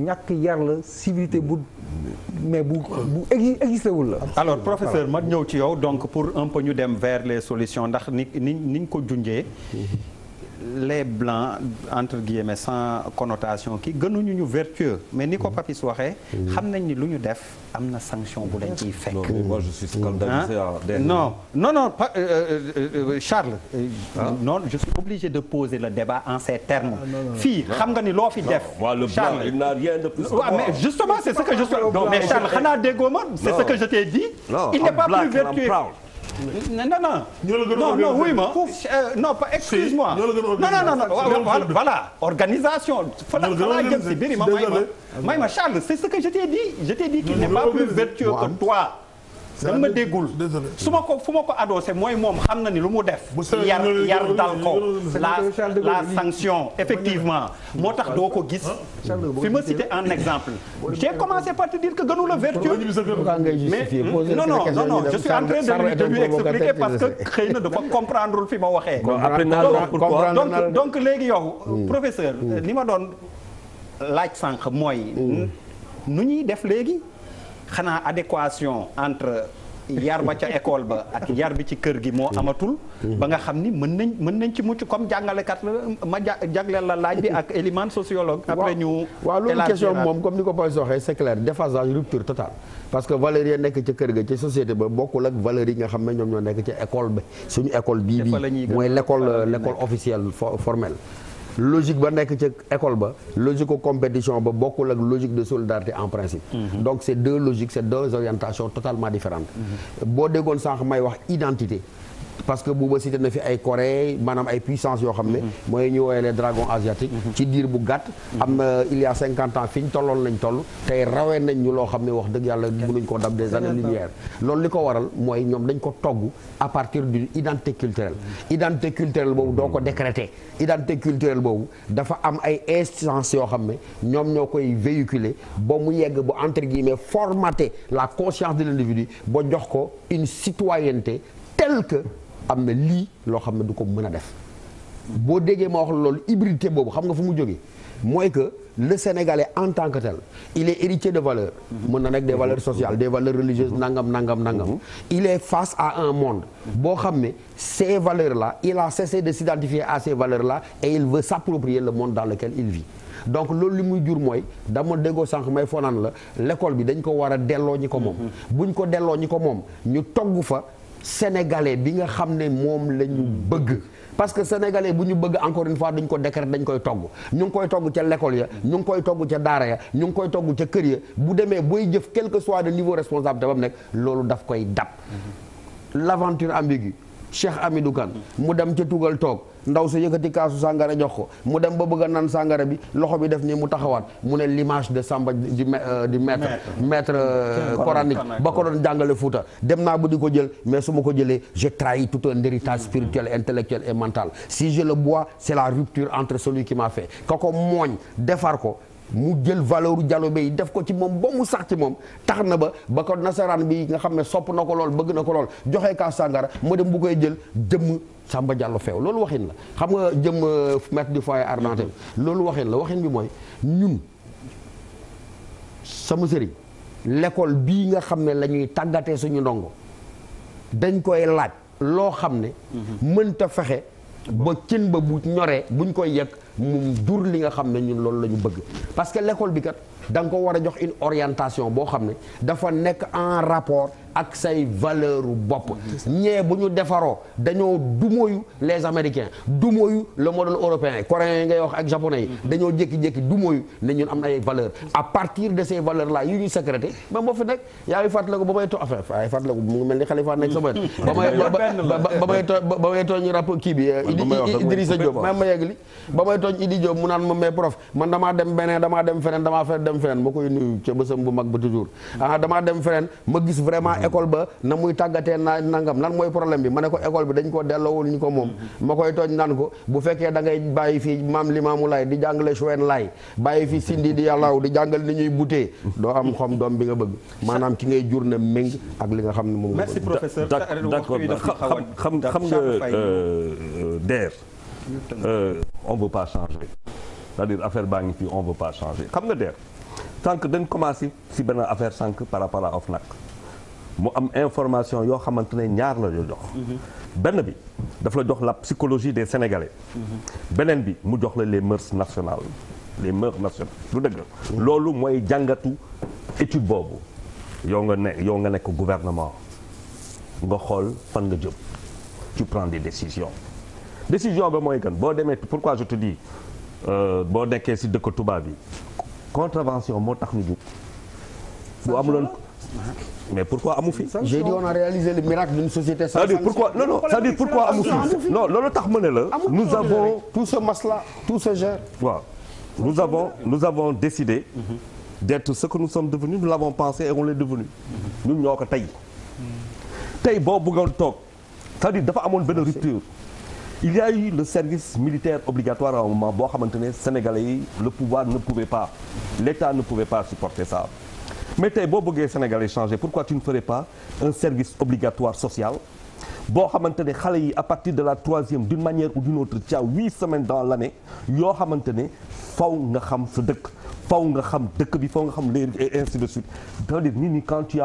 S8: ñàkk yar la civilité bu mais bu bu existé wul la. alors professeur
S1: ma ñëw ci yow donc pour un peu ñu dem vers les solutions ndax ni ni niñ ko junjee. les blancs entre guillemets sans connotation kii gënuñu ñu vertueux mais ni ko mm-hmm. Papis waxee. Mm-hmm. xam nañ ni lu ñu def am na sanction bu leen ciy fekk. non moi je suis non non non pas, euh, euh, euh, euh Charles. Ah. je suis obligé de poser le débat en ces termes. Ah, fii xam nga ni loo fi def. Charles il justement Charles xanaa déggoo ma. c'est ce que je t'ai dit. il n'est pas plus vertueux. non non. non non oui ma. non pas excuse-moi. non non non voilà organisation. fala fala jëm si biir ma may ma may ma Charles c'est ce que je t'ai dit je t'ai dit qu'il n'est pas plus vertueux que toi. dama ma déggul su ma ko fu ma ko adossé mooy moom xam na ni lu mu def yar yar dal ko la la sanction effectivement moo tax doo ko gis fi ma cité un exemple j'ai commencé par te dire que gënu la vertueux mais hmm, non non non non je suis en train de lui expliquer parce que xëy na dafa comprendre fi ma waxee donc donc léegi yow hmm. Hmm. professeur li ma doon laaj sànq mooy nu ñuy def léegi xanaa adéquation entre yar ba ca école ba ak yar bi ci kër gi moo amatul. ba nga xam ni mën nañ mën nañ ci mucc comme jàngalekat la ma jagleel la laaj bi ak élément sociologue. après ñu waaw loolu question moom
S3: comme ni ko Paul waxee c'est clair déphasage rupture totale. parce que valeur yi nekk ca kër ga ci société ba bokkul ak valeur yi nga xam ne ñoom ñoo nekk ci école ba suñu école bii bii mooy l'école l'école officielle formelle. logique ba nekk ca école ba logique ko compétition ba bokkul ak logique de solidarité en principe mhm. donc c'est deux logiques c'est deux orientations totalement différentes mhm. boo déggoon sànq may wax identité parce que Bouba cité na fi ay Corée manaam ay puissance yoo xam ne mooy ñu woowee les dragons asiatiques mhm. ci diir bu gàtt mhm. am na il y fi ñu tolloon lañ toll tey rawee nañ ñu loo xam ne wax dëgg yàlla mënuñ ko dab des années lumière loolu li ko waral mooy ñoom dañ ko togg à partir d'une identité culturelle mhm. identité culturelle boobu doo ko décréter identité boobu dafa am ay instances yoo xam ne ñoom ñoo koy véhiculer ba mu yegg bu entre guillemets formater la conscience de l'individu ba jox ko une citoyenneté telle que am na lii loo xam ne du ko mën a def boo déggee ma wax loolu hybridité boobu xam nga fu mu jógee mooy que le sénégalais en tant que tel il est héritier de valeurs mën na nekk des valeurs sociales des valeur religieuses nangam nangam nangam il est face à un monde boo xam ne ces valeurs là il a cessé de s'identifier à ces valeurs là et il veut s'approprier le monde dans lequel il vit donc loolu li muy jur mooy dama déggoo sànq may fonaan la l'école bi dañ ko war a delloo ñi ko moom buñ ko delloo ñi ko moom ñu togg fa sénégalais bi nga xam ne moom la ñu bëgg parce que sénégalais bu ñu bëgg encore une fois dañ ko décret dañ koy togg ñu ngi koy togg ca lekkool ya ñu ngi koy togg ca daara ya ñu ngi koy togg ca kër ya bu demee booy jëf quel que soit le niveau responsable da bam nekk loolu daf koy dab l'aventure ambiguë Cheikh Hamidou Kane mu dem ca tugal toog ndaw sa yëkkati kaasu sàngara jox ko mu dem ba bëgg a naan sàngara bi loxo bi def nii mu taxawaat mu ne l'image de Samba di di euh, maître maître euh, coranique ba ko doon jàngale Fuuta dem naa bu di ko jël mais su ma ko jëlee j'ai trahi tout un héritage spirituel intellectuel et mental si je le bois c'est la rupture entre celui qui m'a fait ka ko mooñ defar ko mu jël valeur jalobe yi def ko ci moom ba mu sax ci moom tax na ba ba ko nasaraan bi nga xam ne sopp na ko lool bëgg na ko lool joxe kaa sàngara moo dem bu koy jël jëmm Samba Diallo feew loolu waxin la xam nga jëm euh, maître du foyer Arnaud loolu waxin la waxin bi mooy ñun sama sëriñ l'école bii nga xam ne la ñuy tàggatee suñu ndongo dañ koy laaj loo xam ne mhm. mënta fexe ba cin ba bu ñoree buñ koy yegg mu jur li nga xam ne ñun loolu la ñu bëgg parce que l'école bi kat da nga ko war a jox une orientation boo xam ne dafa nekk en rapport ak say valeur u bopp ñee bu ñu defaroo dañoo dumóoyu les américains dumóoyu le modèle européen coréens yi ngay wax ak japonais yi dañoo jékki-jékki dumóoyu ne ñun am na ay valeur à partir de ces valeurs là yu ñuy sécrété ba moo fi nekk yaa ngi fàttaliku ba may too affaire ay fàttaliku mu mel ni Khalifa nekk sama mm. ba may ba may too ba may tooñ rapp kii bi Idrissa ma ma yegg li feneen ma koy nuyu ca bësam bu mag ba toujours ah damaa dem feneen ma gis vraiment école ba na muy tàggatee naa nangam lan mooy problème bi ma ne ko école bi dañ ko delloowul ñu ko moom ma koy tooñ naan ko bu fekkee da ngay bàyyi fii maam limaamu laay di jàngale Chouin laay bàyyi fii sindi di yàllaaw di jàngal na ñuy butee doo am xom doom bi nga bëgg maanaam ki ngay jur ne méng ak li nga xam ne moom nga bëgg merci professeur
S6: d'accord xam nga euh, DER euh, on veut pas changer cest à affaire baa ngi fi on veut xam nga DER sànq dañ commencé si benn affaire sànq par rapport à OFNAC mu am information yoo xamante ne ñaar la yoo jox. benn bi daf la jox la psychologie des sénégalais. beneen bi mu jox la les mœurs nationales les mœurs nationales lu dëgg. loolu mooy jàngatu étude boobu. yow nga ne yow nga nekk gouvernement nga xool fan nga jëm ci prends des décision décision ba mooy kan boo demee pourquoi je di dis euh, boo nekkee si dëkk tubaab yi contravention moo tax ñu jug bu amuloon mais pourquoi amu fi. j'ai dit on a
S3: réalisé le miracle d'une société sans dire pourquoi non non c'est-à-dire pourquoi amu fi non
S6: loolu tax ma ne la. nous avons
S3: tout ce masla tout ce gère.
S6: waaw nous avons nous avons décidé. d'être ce que nous sommes devenus nous l'avons pensé et on l'est devenu. ñun ñoo ko tey. tey boo bëggoon toog c'est-à-dire dafa amoon benn rupture. il y eu le service militaire obligatoire à moment boo xamante ne sénégalais yi le pouvoir ne pouvait pas l'État ne pouvait pas supporter ça mais tey boo bëggee sénégalais changer pourquoi tu ne ferais pas un service obligatoire social boo xamante ne xale yi à partir de la troisième d'une manière ou d'une autre ca huit semaines dans l'année yoo xamante ne faw nga xam sa dëkk faw nga xam dëkk bi faw nga xam léegi et ainsi de suite c'est-à-dire nit ñi quand tu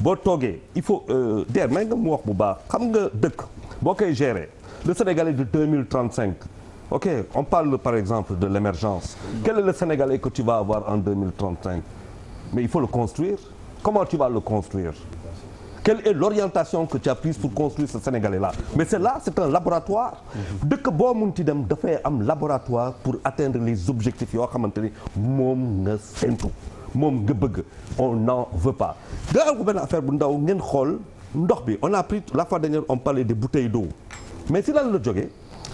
S6: boo toogee il faut euh, der may nga mu wax bu baax xam nga dëkk boo koy gérer le Sénégal est de 2035 ok on parle par exemple de l'émergence quel est le Sénégalais que tu vas avoir en 2035 mais il faut le construire comment tu vas le construire quelle est l'orientation que tu as prise pour construire ce Sénégalais là mais c'est là c'est un laboratoire dëkk boo munti dem dafay am laboratoire pour atteindre les objectifs yoo xamante ni moom nga séntu moom nga bëgg on n'en veut pas daa am benn affaire bu ndaw ngeen xool ndox bi on a pris la fois dernière on parlait des bouteilles d'eau mais si lan la jógee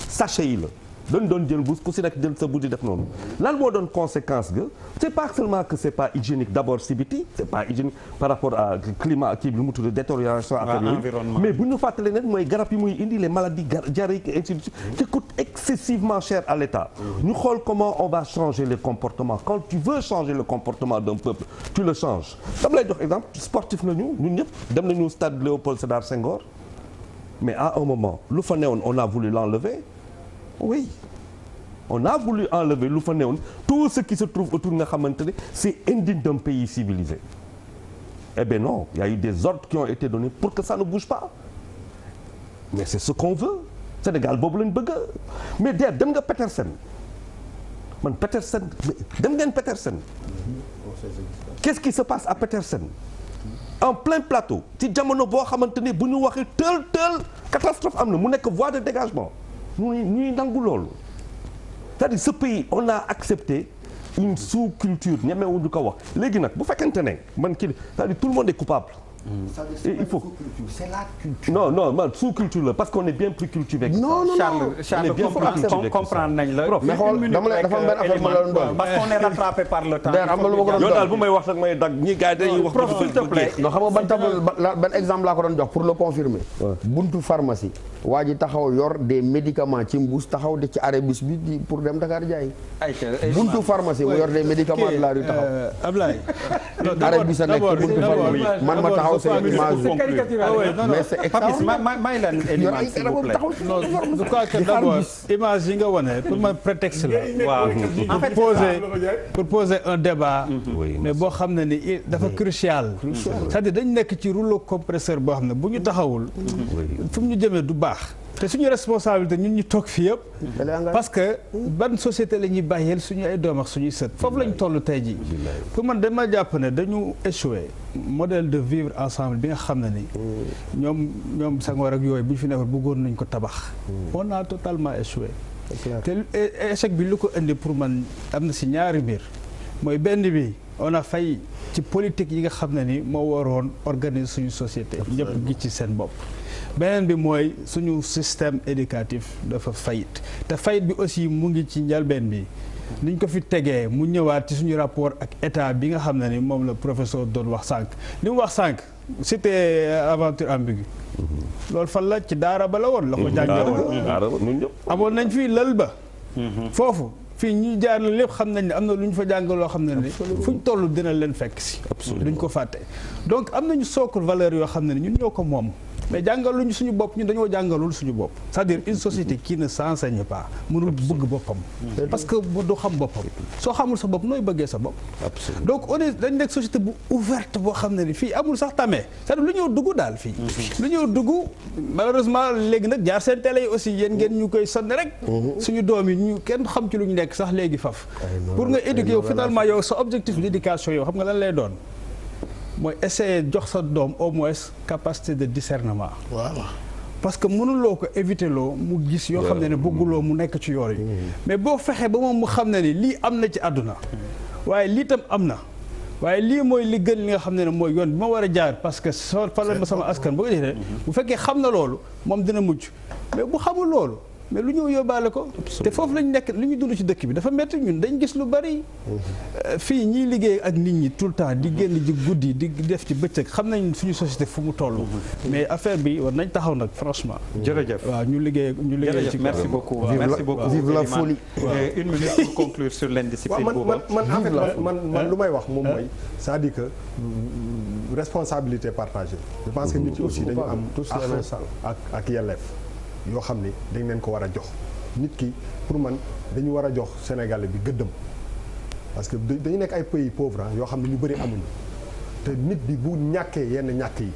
S6: sachet yi la dañ doon jël mbuus ku si nekk jël def noonu lan moo doon conséquence ga c' est pas seulement que c' pas hygiénique d' abord si biti c' est pas hygiénique par rapport à climat kii bi lu mu tudd détérioration affaire mais bu ñu fàttale nag mooy garab yi muy indi les maladies diarrhéiques et ainsi de suite qui coûtent excessivement cher à l' État mm-hmm. ñu xool comment on va changer les comportement quand tu veux changer le comportement d'un peuple tu le changes dama lay jox exemple sportif nañu ñun ñëpp dem nañu stade Léopold Sédar Senghor mais à un moment lu fa newoon on a voulu l'enlever oui on a voulu enlever lu fa newoon tout ce qui se trouve autour nga xamante ne c'est indigne d'un pays civilisé eh bien non il y a eu des ordres qui ont été donnés pour que ça ne bouge pas mais c'est ce qu'on veut Sénégal boobu lañ bëgg mais der dem nga Petersen man Petersen dem ngeen Petersen qu'est-ce qui se passe à Petersen en plein plateau ci jamono boo xamante ne bu ñu waxee tël tël catastrophe am na mu nekk voie de dégagement ñuy ñuy nangu loolu c'est-à-dire ce pays on a accepté une sous-culture ñemewuñu ko wax léegi nag bu fekkente ne man kii c'est-à-dire tout le monde est coupable il faut man sous-culture la parce qu'on est bien plus cultivé que ça non non Charles Charles ma la doon doon daal bu may wax rek may dag ñi gars yi dañuy wax s'il te
S3: plaît non xam nga ban exemple laa ko doon jox pour le confirmer buntu pharmacie waa ji taxaw yor des médicaments ci mbuus taxaw di ci arrêt bus bi pour dem Dakar jaay.
S6: ay buntu pharmacie mu yor des médicaments de la rue taxaw. Euh,
S5: Ablaye. arrêt a nekk buntu pharmacie man ma taxaw se image ah mais c'est extraordinaire may lan une image s'il vous plaît non image yi nga wane pour ma prétexte la. waaw pour poser pour poser mhm. mais boo xam ne ni eh, dafa crucial. cest dañ nekk ci rouleau compresseur boo xam ne bu ñu taxawul. fu ñu jëmee du baax. baax te suñu responsabilité ñun ñu toog fii yëpp parce que ban societé la ñuy bàyyeel suñu ay doomax suñuy sët foofu lañ tollu tey jii pour man dama jàpp ne dañu échoué modèle de vivre ensemble bi nga xam ne ni mm. ñoom ñoom Senghor ak yooyu bu ñu fi nekkoon bëggoon nañ ko tabax mm. on a totalement échoué te e, e, échec bi lu ko indi pour man am na si ñaari mbir mooy benn bi on a fay ci politique yi nga xam ne ni moo waroon organiser suñu société ñëpp gi ci seen bopp beneen bi mooy suñu système éducatif dafa fayit te fayit bi aussi mu ngi ci njalbeen bi niñ ko fi tegee mu ñëwaat ci suñu rapport ak état bi nga xam ne ni moom la professeur doon wax sànq li mu wax sànq c'était euh, aventure ambiguë mhm. loolu fan la ci daara ba la woon la ko mhm. jàngee mhm. amoon nañ fi lël ba foofu fii ñuy jaar na lépp xam nañ ne am na lu ñu fa jàng loo xam ne ne ñu toll dina leen fekk si duñ ko fàtte donc am nañu socle valeur yoo xam ne ne ñun ñoo ko moom mais jàngaluñ suñu bopp ñu dañoo jàngalul suñu bopp c'est-à-dire une société qui ne s'enseigne pas mënul bëgg boppam parce que du xam boppam soo xamul sa bopp nooy bëggee sa bopp donc on dañ nekk société bu ouverte boo xam ne ni fii amul sax tamee cest à lu ñëw dugg daal fii lu ñëw dugg malheureusement léegi nag jaar seen télé yi aussi yéen ngeen ñu koy sonn rek mhm. suñu doom yi ñu kenn xam ci lu ñu nekk sax léegi faf
S4: pour nga éduquer yow finalement
S5: yow sa objectif d'éducation yow xam nga lan lay doon mooy essayer jox sa doom au moins capacité de discernement. voilà parce que mënuloo ko éviter loo mu gis yoo xam ne ne bëgguloo mu nekk ci yoor yi. Mm-hmm. mais boo fexee ba moom mu xam ne ni lii am na ci àdduna. waaye lii tam am na. waaye lii mooy li gën li nga xam ne ne mooy yoon bi ma war a jaar parce que soo faral ma sama askan boo ko defee bu fekkee xam na loolu moom dina mujj mais bu xamul loolu. mais lu ñëw yóbbaale ko te foofu lañ nekk li ñu dund ci dëkk bi dafa métti ñun dañ gis lu bari. Euh, fii ñiy liggéey ak nit ñi tout le temps di génn ji guddi di def ci bëccëg xam nañ suñu société fu mu toll mais affaire bi war nañ taxaw nag franchement jërëjëf waaw ñu liggéey ñu liggéey ci merci beaucoup merci beaucoup vive la folie euh,
S1: une minute pour conclure sur l'indiscipline man man
S5: man lu may wax moom
S7: mooy cest di que mm, responsabilité partagée je pense que nit yi aussi dañu am tous ak ak yelleef yoo xam ne dañ leen ko war a jox nit ki pour man dañu war a jox Sénégal bi gëddëm parce que dañu nekk ay pays pauvre yoo xam ne ñu bëri amuñu te nit bi bu ñàkkee yenn ñàkk yi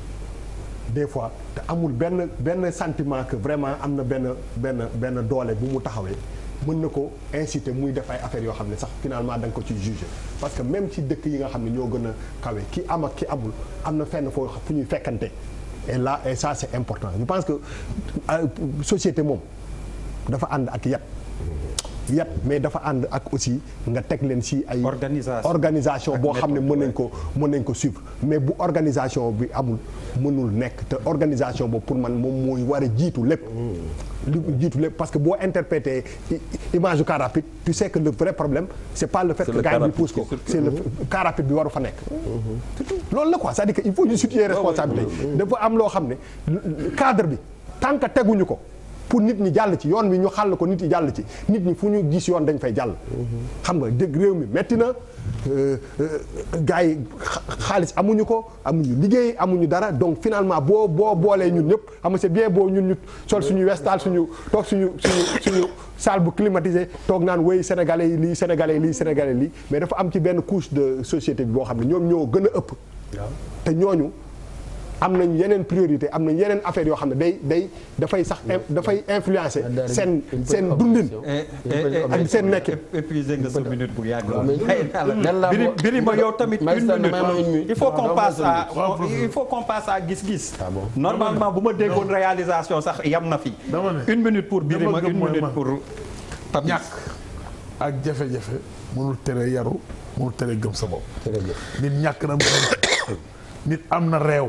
S7: des fois te amul benn benn sentiment que vraiment am na benn benn benn doole bu mu taxawee mën na ko inciter muy def ay affaires yoo xam ne sax finalement da ko ci juger parce que même ci dëkk yi nga xam ne ñoo gën a kawe ki am ak ki amul am na fenn foo fu ñuy fekkante et la et ça c'est important je pense que euh, société moom dafa ànd ak yat yàpp mais dafa ànd ak aussi nga teg leen si ay organisation boo xam ne mën nañ ko mën nañ ko suivre mais bu organisation bi amul mënul nekk te organisation boo pour man moom mooy war a jiitu lépp mm. lu jiitu lépp parce que boo interprété image du car rapide tu sais que le vrai c'est le fait que gars yi pousse ko c'est bi waru fa nekk
S4: mm-hmm.
S7: loolu la ko sa à dire il faut ñu situer responsabilité mm-hmm. dafa am loo xam ne cadre bi tant que teguñu ko pour nit ñi jàll ci yoon wi ñu xàll ko nit ñi jàll ci nit ñi fu ñu gis yoon dañ fay jàll. xam nga dégg réew mi metti na euh, gars yi xaalis amuñu ko amuñu liggéey amuñu dara donc finalement boo boo boolee ñun ñëpp am nga bien boo ñun ñu sol suñu westal suñu toog suñu suñu suñu bu climatiser toog naan wéy sénégalais yi lii sénégalais yi lii sénégalais yi lii mais dafa am ci benn couche de société bi boo xam ne ñoom ñoo gën a ëpp. te ñooñu. am nañ yeneen priorité am nañ yeneen affaire yoo xam ne day day dafay sax dafay influencer seen seen dundin
S1: seen nekk nga sa minute bu yàgg Birima yow tamit une minute il faut ah, qu'on passe à il faut qu'on passe à gis-gis ah normalement bu ma déggoon réalisation sax yam na fi une minute pour Birima une minute pour
S2: Pape ñàkk ak jafe-jafe mënul tere yaru mënul tere gëm sa bopp nit ñàkk na nit am na réew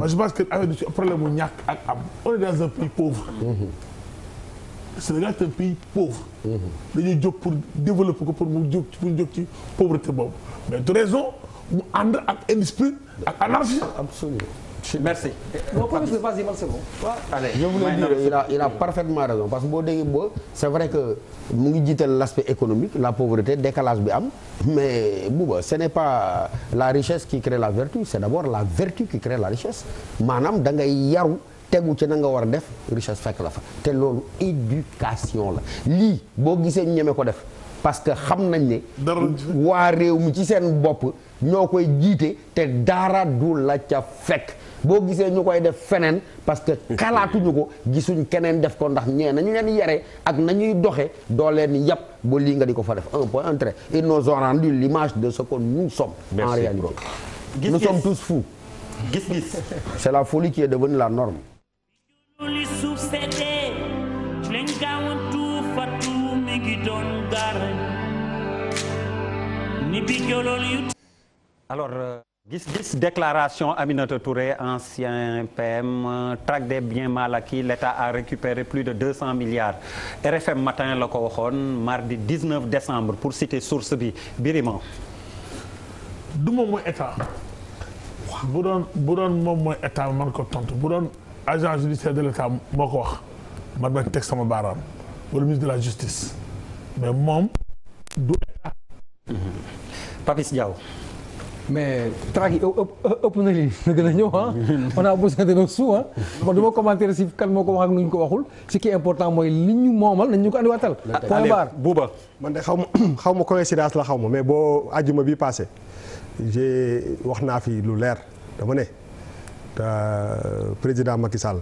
S2: man je pense que affaire bi ci problème mu ñàkk ak am on est dans un pays pauvre.
S4: Mm-hmm.
S2: Sénégal est un pays pauvre. Mm-hmm. dañuy jóg pour développer ko pour mu jóg pour jóg ci pauvreté boobu mais de raison mu ànd ak indiscipline ak anarchie.
S3: absolument. merci.
S8: non professeur vas-y man c'est bon.
S3: raison parce que boo déggee boo c'est vrai que mu ngi jiital l'aspect économique la pauvreté décalage bi am. mais Bouba ce n'est pas la richesse qui crée la vertu c'est d'abord la vertu qui crée la richesse maanaam da ngay yaru. tegu ci na nga war a def richesse fekk la fa te loolu éducation la lii boo gisee ñeme ko def parce que xam nañ ne waa réew mi ci seen bopp ñoo koy jiite te dara du la ca fekk boo gisee ñu koy def feneen parce que xalaatuñu ko gisuñ keneen def ko ndax ñee nañu leen yare ak nañuy doxe doo leen yàpp ba lii nga di ko fa def un point un trait ils de ce que nous sommes Merci en tous fous gis-gis c'est la folie qui est devenue la norme
S1: alors gis-gis euh, déclaration Aminata Touré ancien PM euh, traque bien biens mal acquis l'État a récupéré plus de 200 milliards RFM matin la ko waxoon mardi 19 décembre pour citer source bi Birima
S2: du mooy état bu doon bu doon moom mooy état man ko tontu bu doon agent judiciaire de l'état moo ko wax man bañ teg sama baaraam wala ministre de la justice mais moom Papis Diaw.
S8: mais traque yi ëpp na lii na gën a ñëw ah a besoin de nos sous ah man du ma commenter si kan moo ko wax ak nu ñu ko waxul ce qui important mooy li ñu moomal nañ ñu ko andiwaatal point barre
S7: Bouba man de xaw ma xaw ma coïncidence la xaw ma mais boo àjjuma bi passé j'ai wax naa fi lu leer dama ne euh, président Macky Sall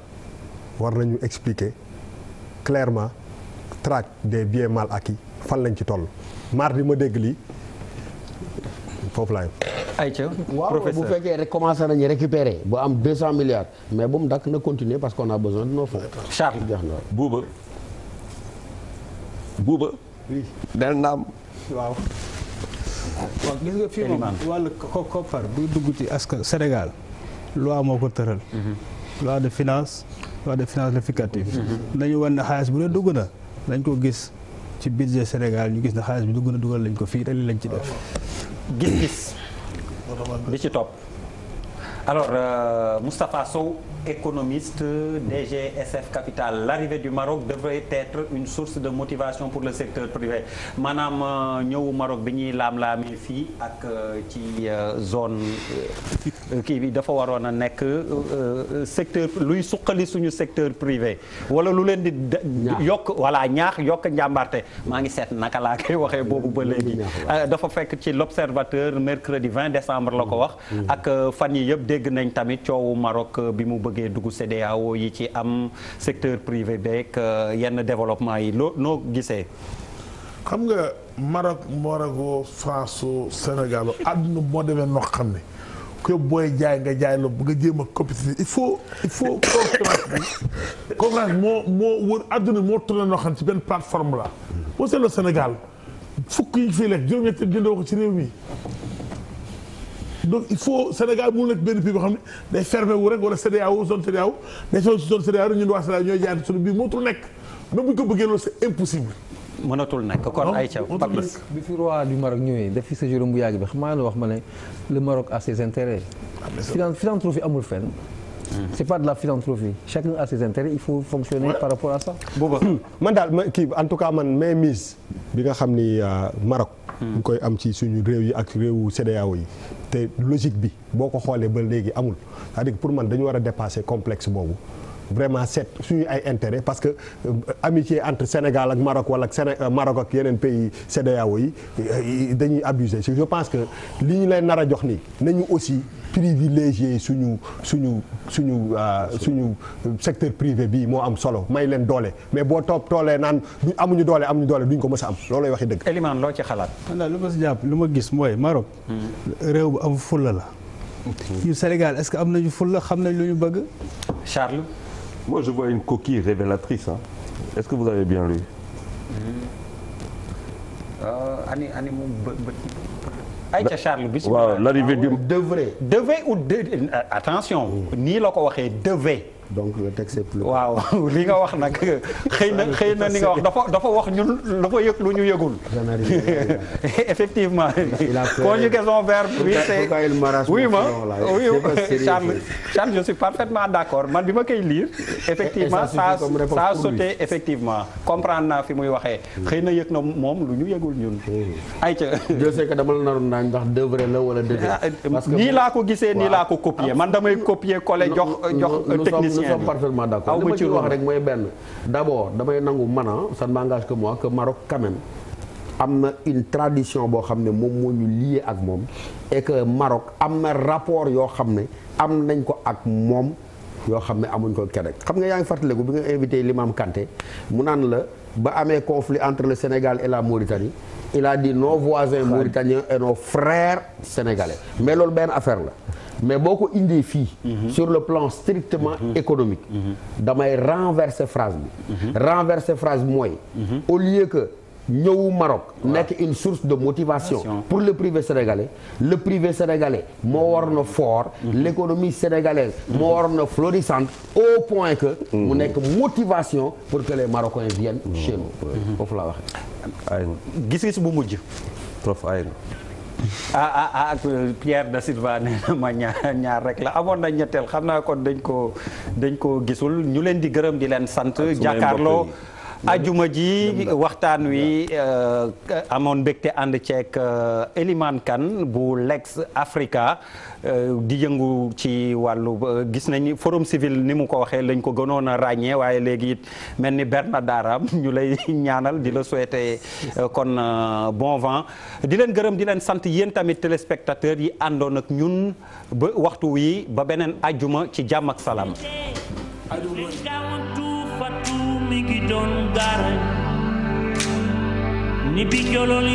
S7: war nañu expliquer clairement traque des biens
S3: mal acquis fan lañ ci toll bi ma dégg lii foofu laay.
S1: ayca professeur waaw bu fekkee
S3: rek commencé nañu récupérer bu am 200 milliards mais bu mu dakk na continuer parce qu'on a besoin de nos fonds. Charles Bouba Bouba. oui del naam.
S4: waaw.
S5: dugg ci askan Sénégal loi moo ko tëral. Mhm. loi de finance loi de finance rectificative. Mhm. nañu wan ne xaalis bu ne dugg na dañ ko gis ci budget Sénégal ñu gis na xaalis bi dugg na dugal lañ ko fii rek lañ ci def. gis-gis
S1: bi ci topp alors euh, Moustapha Sow économiste DG SF Capital l'arrivée du Maroc devrait être une source de motivation pour le secteur privé maanaam euh, ñëwu Maroc bi ñuy laam-laamee fii ak euh, ci euh, zone kii bi dafa waroon a nekk secteur luy suqali suñu secteur privé wala lu leen di yokk wala ñaax yokk njàmbarte maa ngi seet naka laa koy waxee boobu ba léegi dafa fekk ci l'observateur mercredi vingt décembre la ko wax mm-hmm. ak fan yi yëpp dégg nañ tamit coowu Maroc bi mu bëggee dugg CEDEAO yi ci am secteur privé beeg euh, yenn développement yi loo noo gisee.
S2: xam nga Maroc Morago France Sénégal àdduna moo demee noo xam ne ku booy jaay nga jaay la nga jéem a compétition il faut il faut concurrence moo moo wër àdduna moo tourné noo xam ne ci benn plateforme la boo seetloo Sénégal fukk yi fii lekk juróom-ñett jëndoo ko ci réew mi donc il faut Sénégal mu nekk benn pays boo xam ne day fermé wu rek wala CEDEAO zone CEDEAO day fermé ci zone CEDEAO ñun waa CEDEAO ñooy jaay suñu biir mootul nekk même bu ñu ko bëggee loolu c'est impossible.
S1: mënatul nekk kon ay ca Papis
S8: bi fi roi du Maroc ñëwee def fi séjour bu yàgg bi xam nga wax ma ne le Maroc a ses intérêts. Ah, philanthropie amul fenn. Hmm. c'est pas de la philanthropie chacun a ses intérêts il faut fonctionner par rapport à ça. booba man daal ma kii en tout cas man
S7: mainmise bi nga xam ni euh, Maroc. Hmm. ñu koy am ci suñu réew yi ak réewu CEDEAO yi. te logique bi boo ko xoolee ba léegi amul cest à pour man dañu war a dépasser complexe boobu vraiment seet suñu ay intérêt parce que euh, amitié entre Sénégal ak Maroc wala ak euh, Maroc ak yeneen pays CEDEAO yi euh, dañuy abusé je pense que li ñu lay nar a jox nii nañu aussi privilégier suñu suñu suñu euh, suñu secteur privé bi moo am solo may leen doole mais boo topp toolee naan du amuñu doole amuñu doole
S5: duñ ko mës a am loolay waxi dëgg. Elimane loo ci xalaat. man lu ma si jàpp lu ma gis mooy Maroc. Hmm. réew bu am fulla la. ñu Sénégal est-ce que am nañu fulla xam nañ lu ñu bëgg. Charles.
S6: moi je vois une coquille révélatrice hein. est-ce que vous avez bien lu. Hmm.
S1: Euh, ani ani mu bë bë. ayca Charles bisimilah waaw l'arrivée du. devait devait ou de euh, attention. Mm. nii la ko waxee devait. donc le texte est plus. waaw li nga wax nag xëy na xëy na li nga wax dafa dafa wax ñun dafa yëg lu ñu yëgul. effectivement. conjugaison verbe bi c'est oui ma oui Charles Charles je suis parfaitement d'accord man bi ma koy lire. effectivement ça ça sauté effectivement comprendre naa fi muy waxee. xëy
S3: na yëg na moom lu ñu yëgul ñun. Hmm. ayca. je sais que dama la naroon naa ndax devrait la wala devait. Ah, parce que nii laa ko gisee nii laa ko copier man damay copier coller jox jox nous sommes parfaitement d'accord li ma ci wax rek mooy benn d'abord damay nangu man sa ça ne m'engage que moi am na une tradition boo xam ne moom moo ñu lié ak moom et que Maroc am na rapport yoo xam ne am nañ ko ak moom yoo xam ne amuñ ko Québec xam nga yaa ngi ko bi nga invité Limam Kanté mu naan la ba amee conflit entre le Sénégal et la Mauritanie il a dit nos voisins mauritaniens et nos frères sénégalais mais loolu benn affaire la mais boo ko indee fii. Mhm. sur le plan strictement mhm. économique. Mhm. damay renverser phrase bi. renverser phrase mooy. au lieu que ñëw Maroc. nekk une source de motivation. pour le privé sénégalais. le privé sénégalais moo war na fort. l' économie sénégalaise. moo war na florissante au point que. mu nekk motivation pour que les Marocains viennent chez nous. foofu laa waxee. gis-gis bu mujj. Ah, ah ah ak euh,
S1: Pierre da Silva ma ñaar ñaar rek la amoon na ñetteel xam naa kon dañ ko dañ ko gisul ñu leen di gërëm di leen sant jàkkaarloo ajuma ji waxtaan wi euh, amoon mbégte ànd ceeg euh, Eliman Kan bu Lex Africa euh, di yëngu ci wàllu gis nañu forum civil ni mu ko waxee lañ ko gënoon a ràññee waaye léegi it mel ni Bernard Daram ñu lay ñaanal di la souhaiter kon bon vent di leen gërëm di leen sant yéen tamit téléspectateurs yi àndoon ak ñun ba waxtu wi ba beneen ajuma ci jàmm ak salaam
S4: mi ngi doon gaara ni bi jolol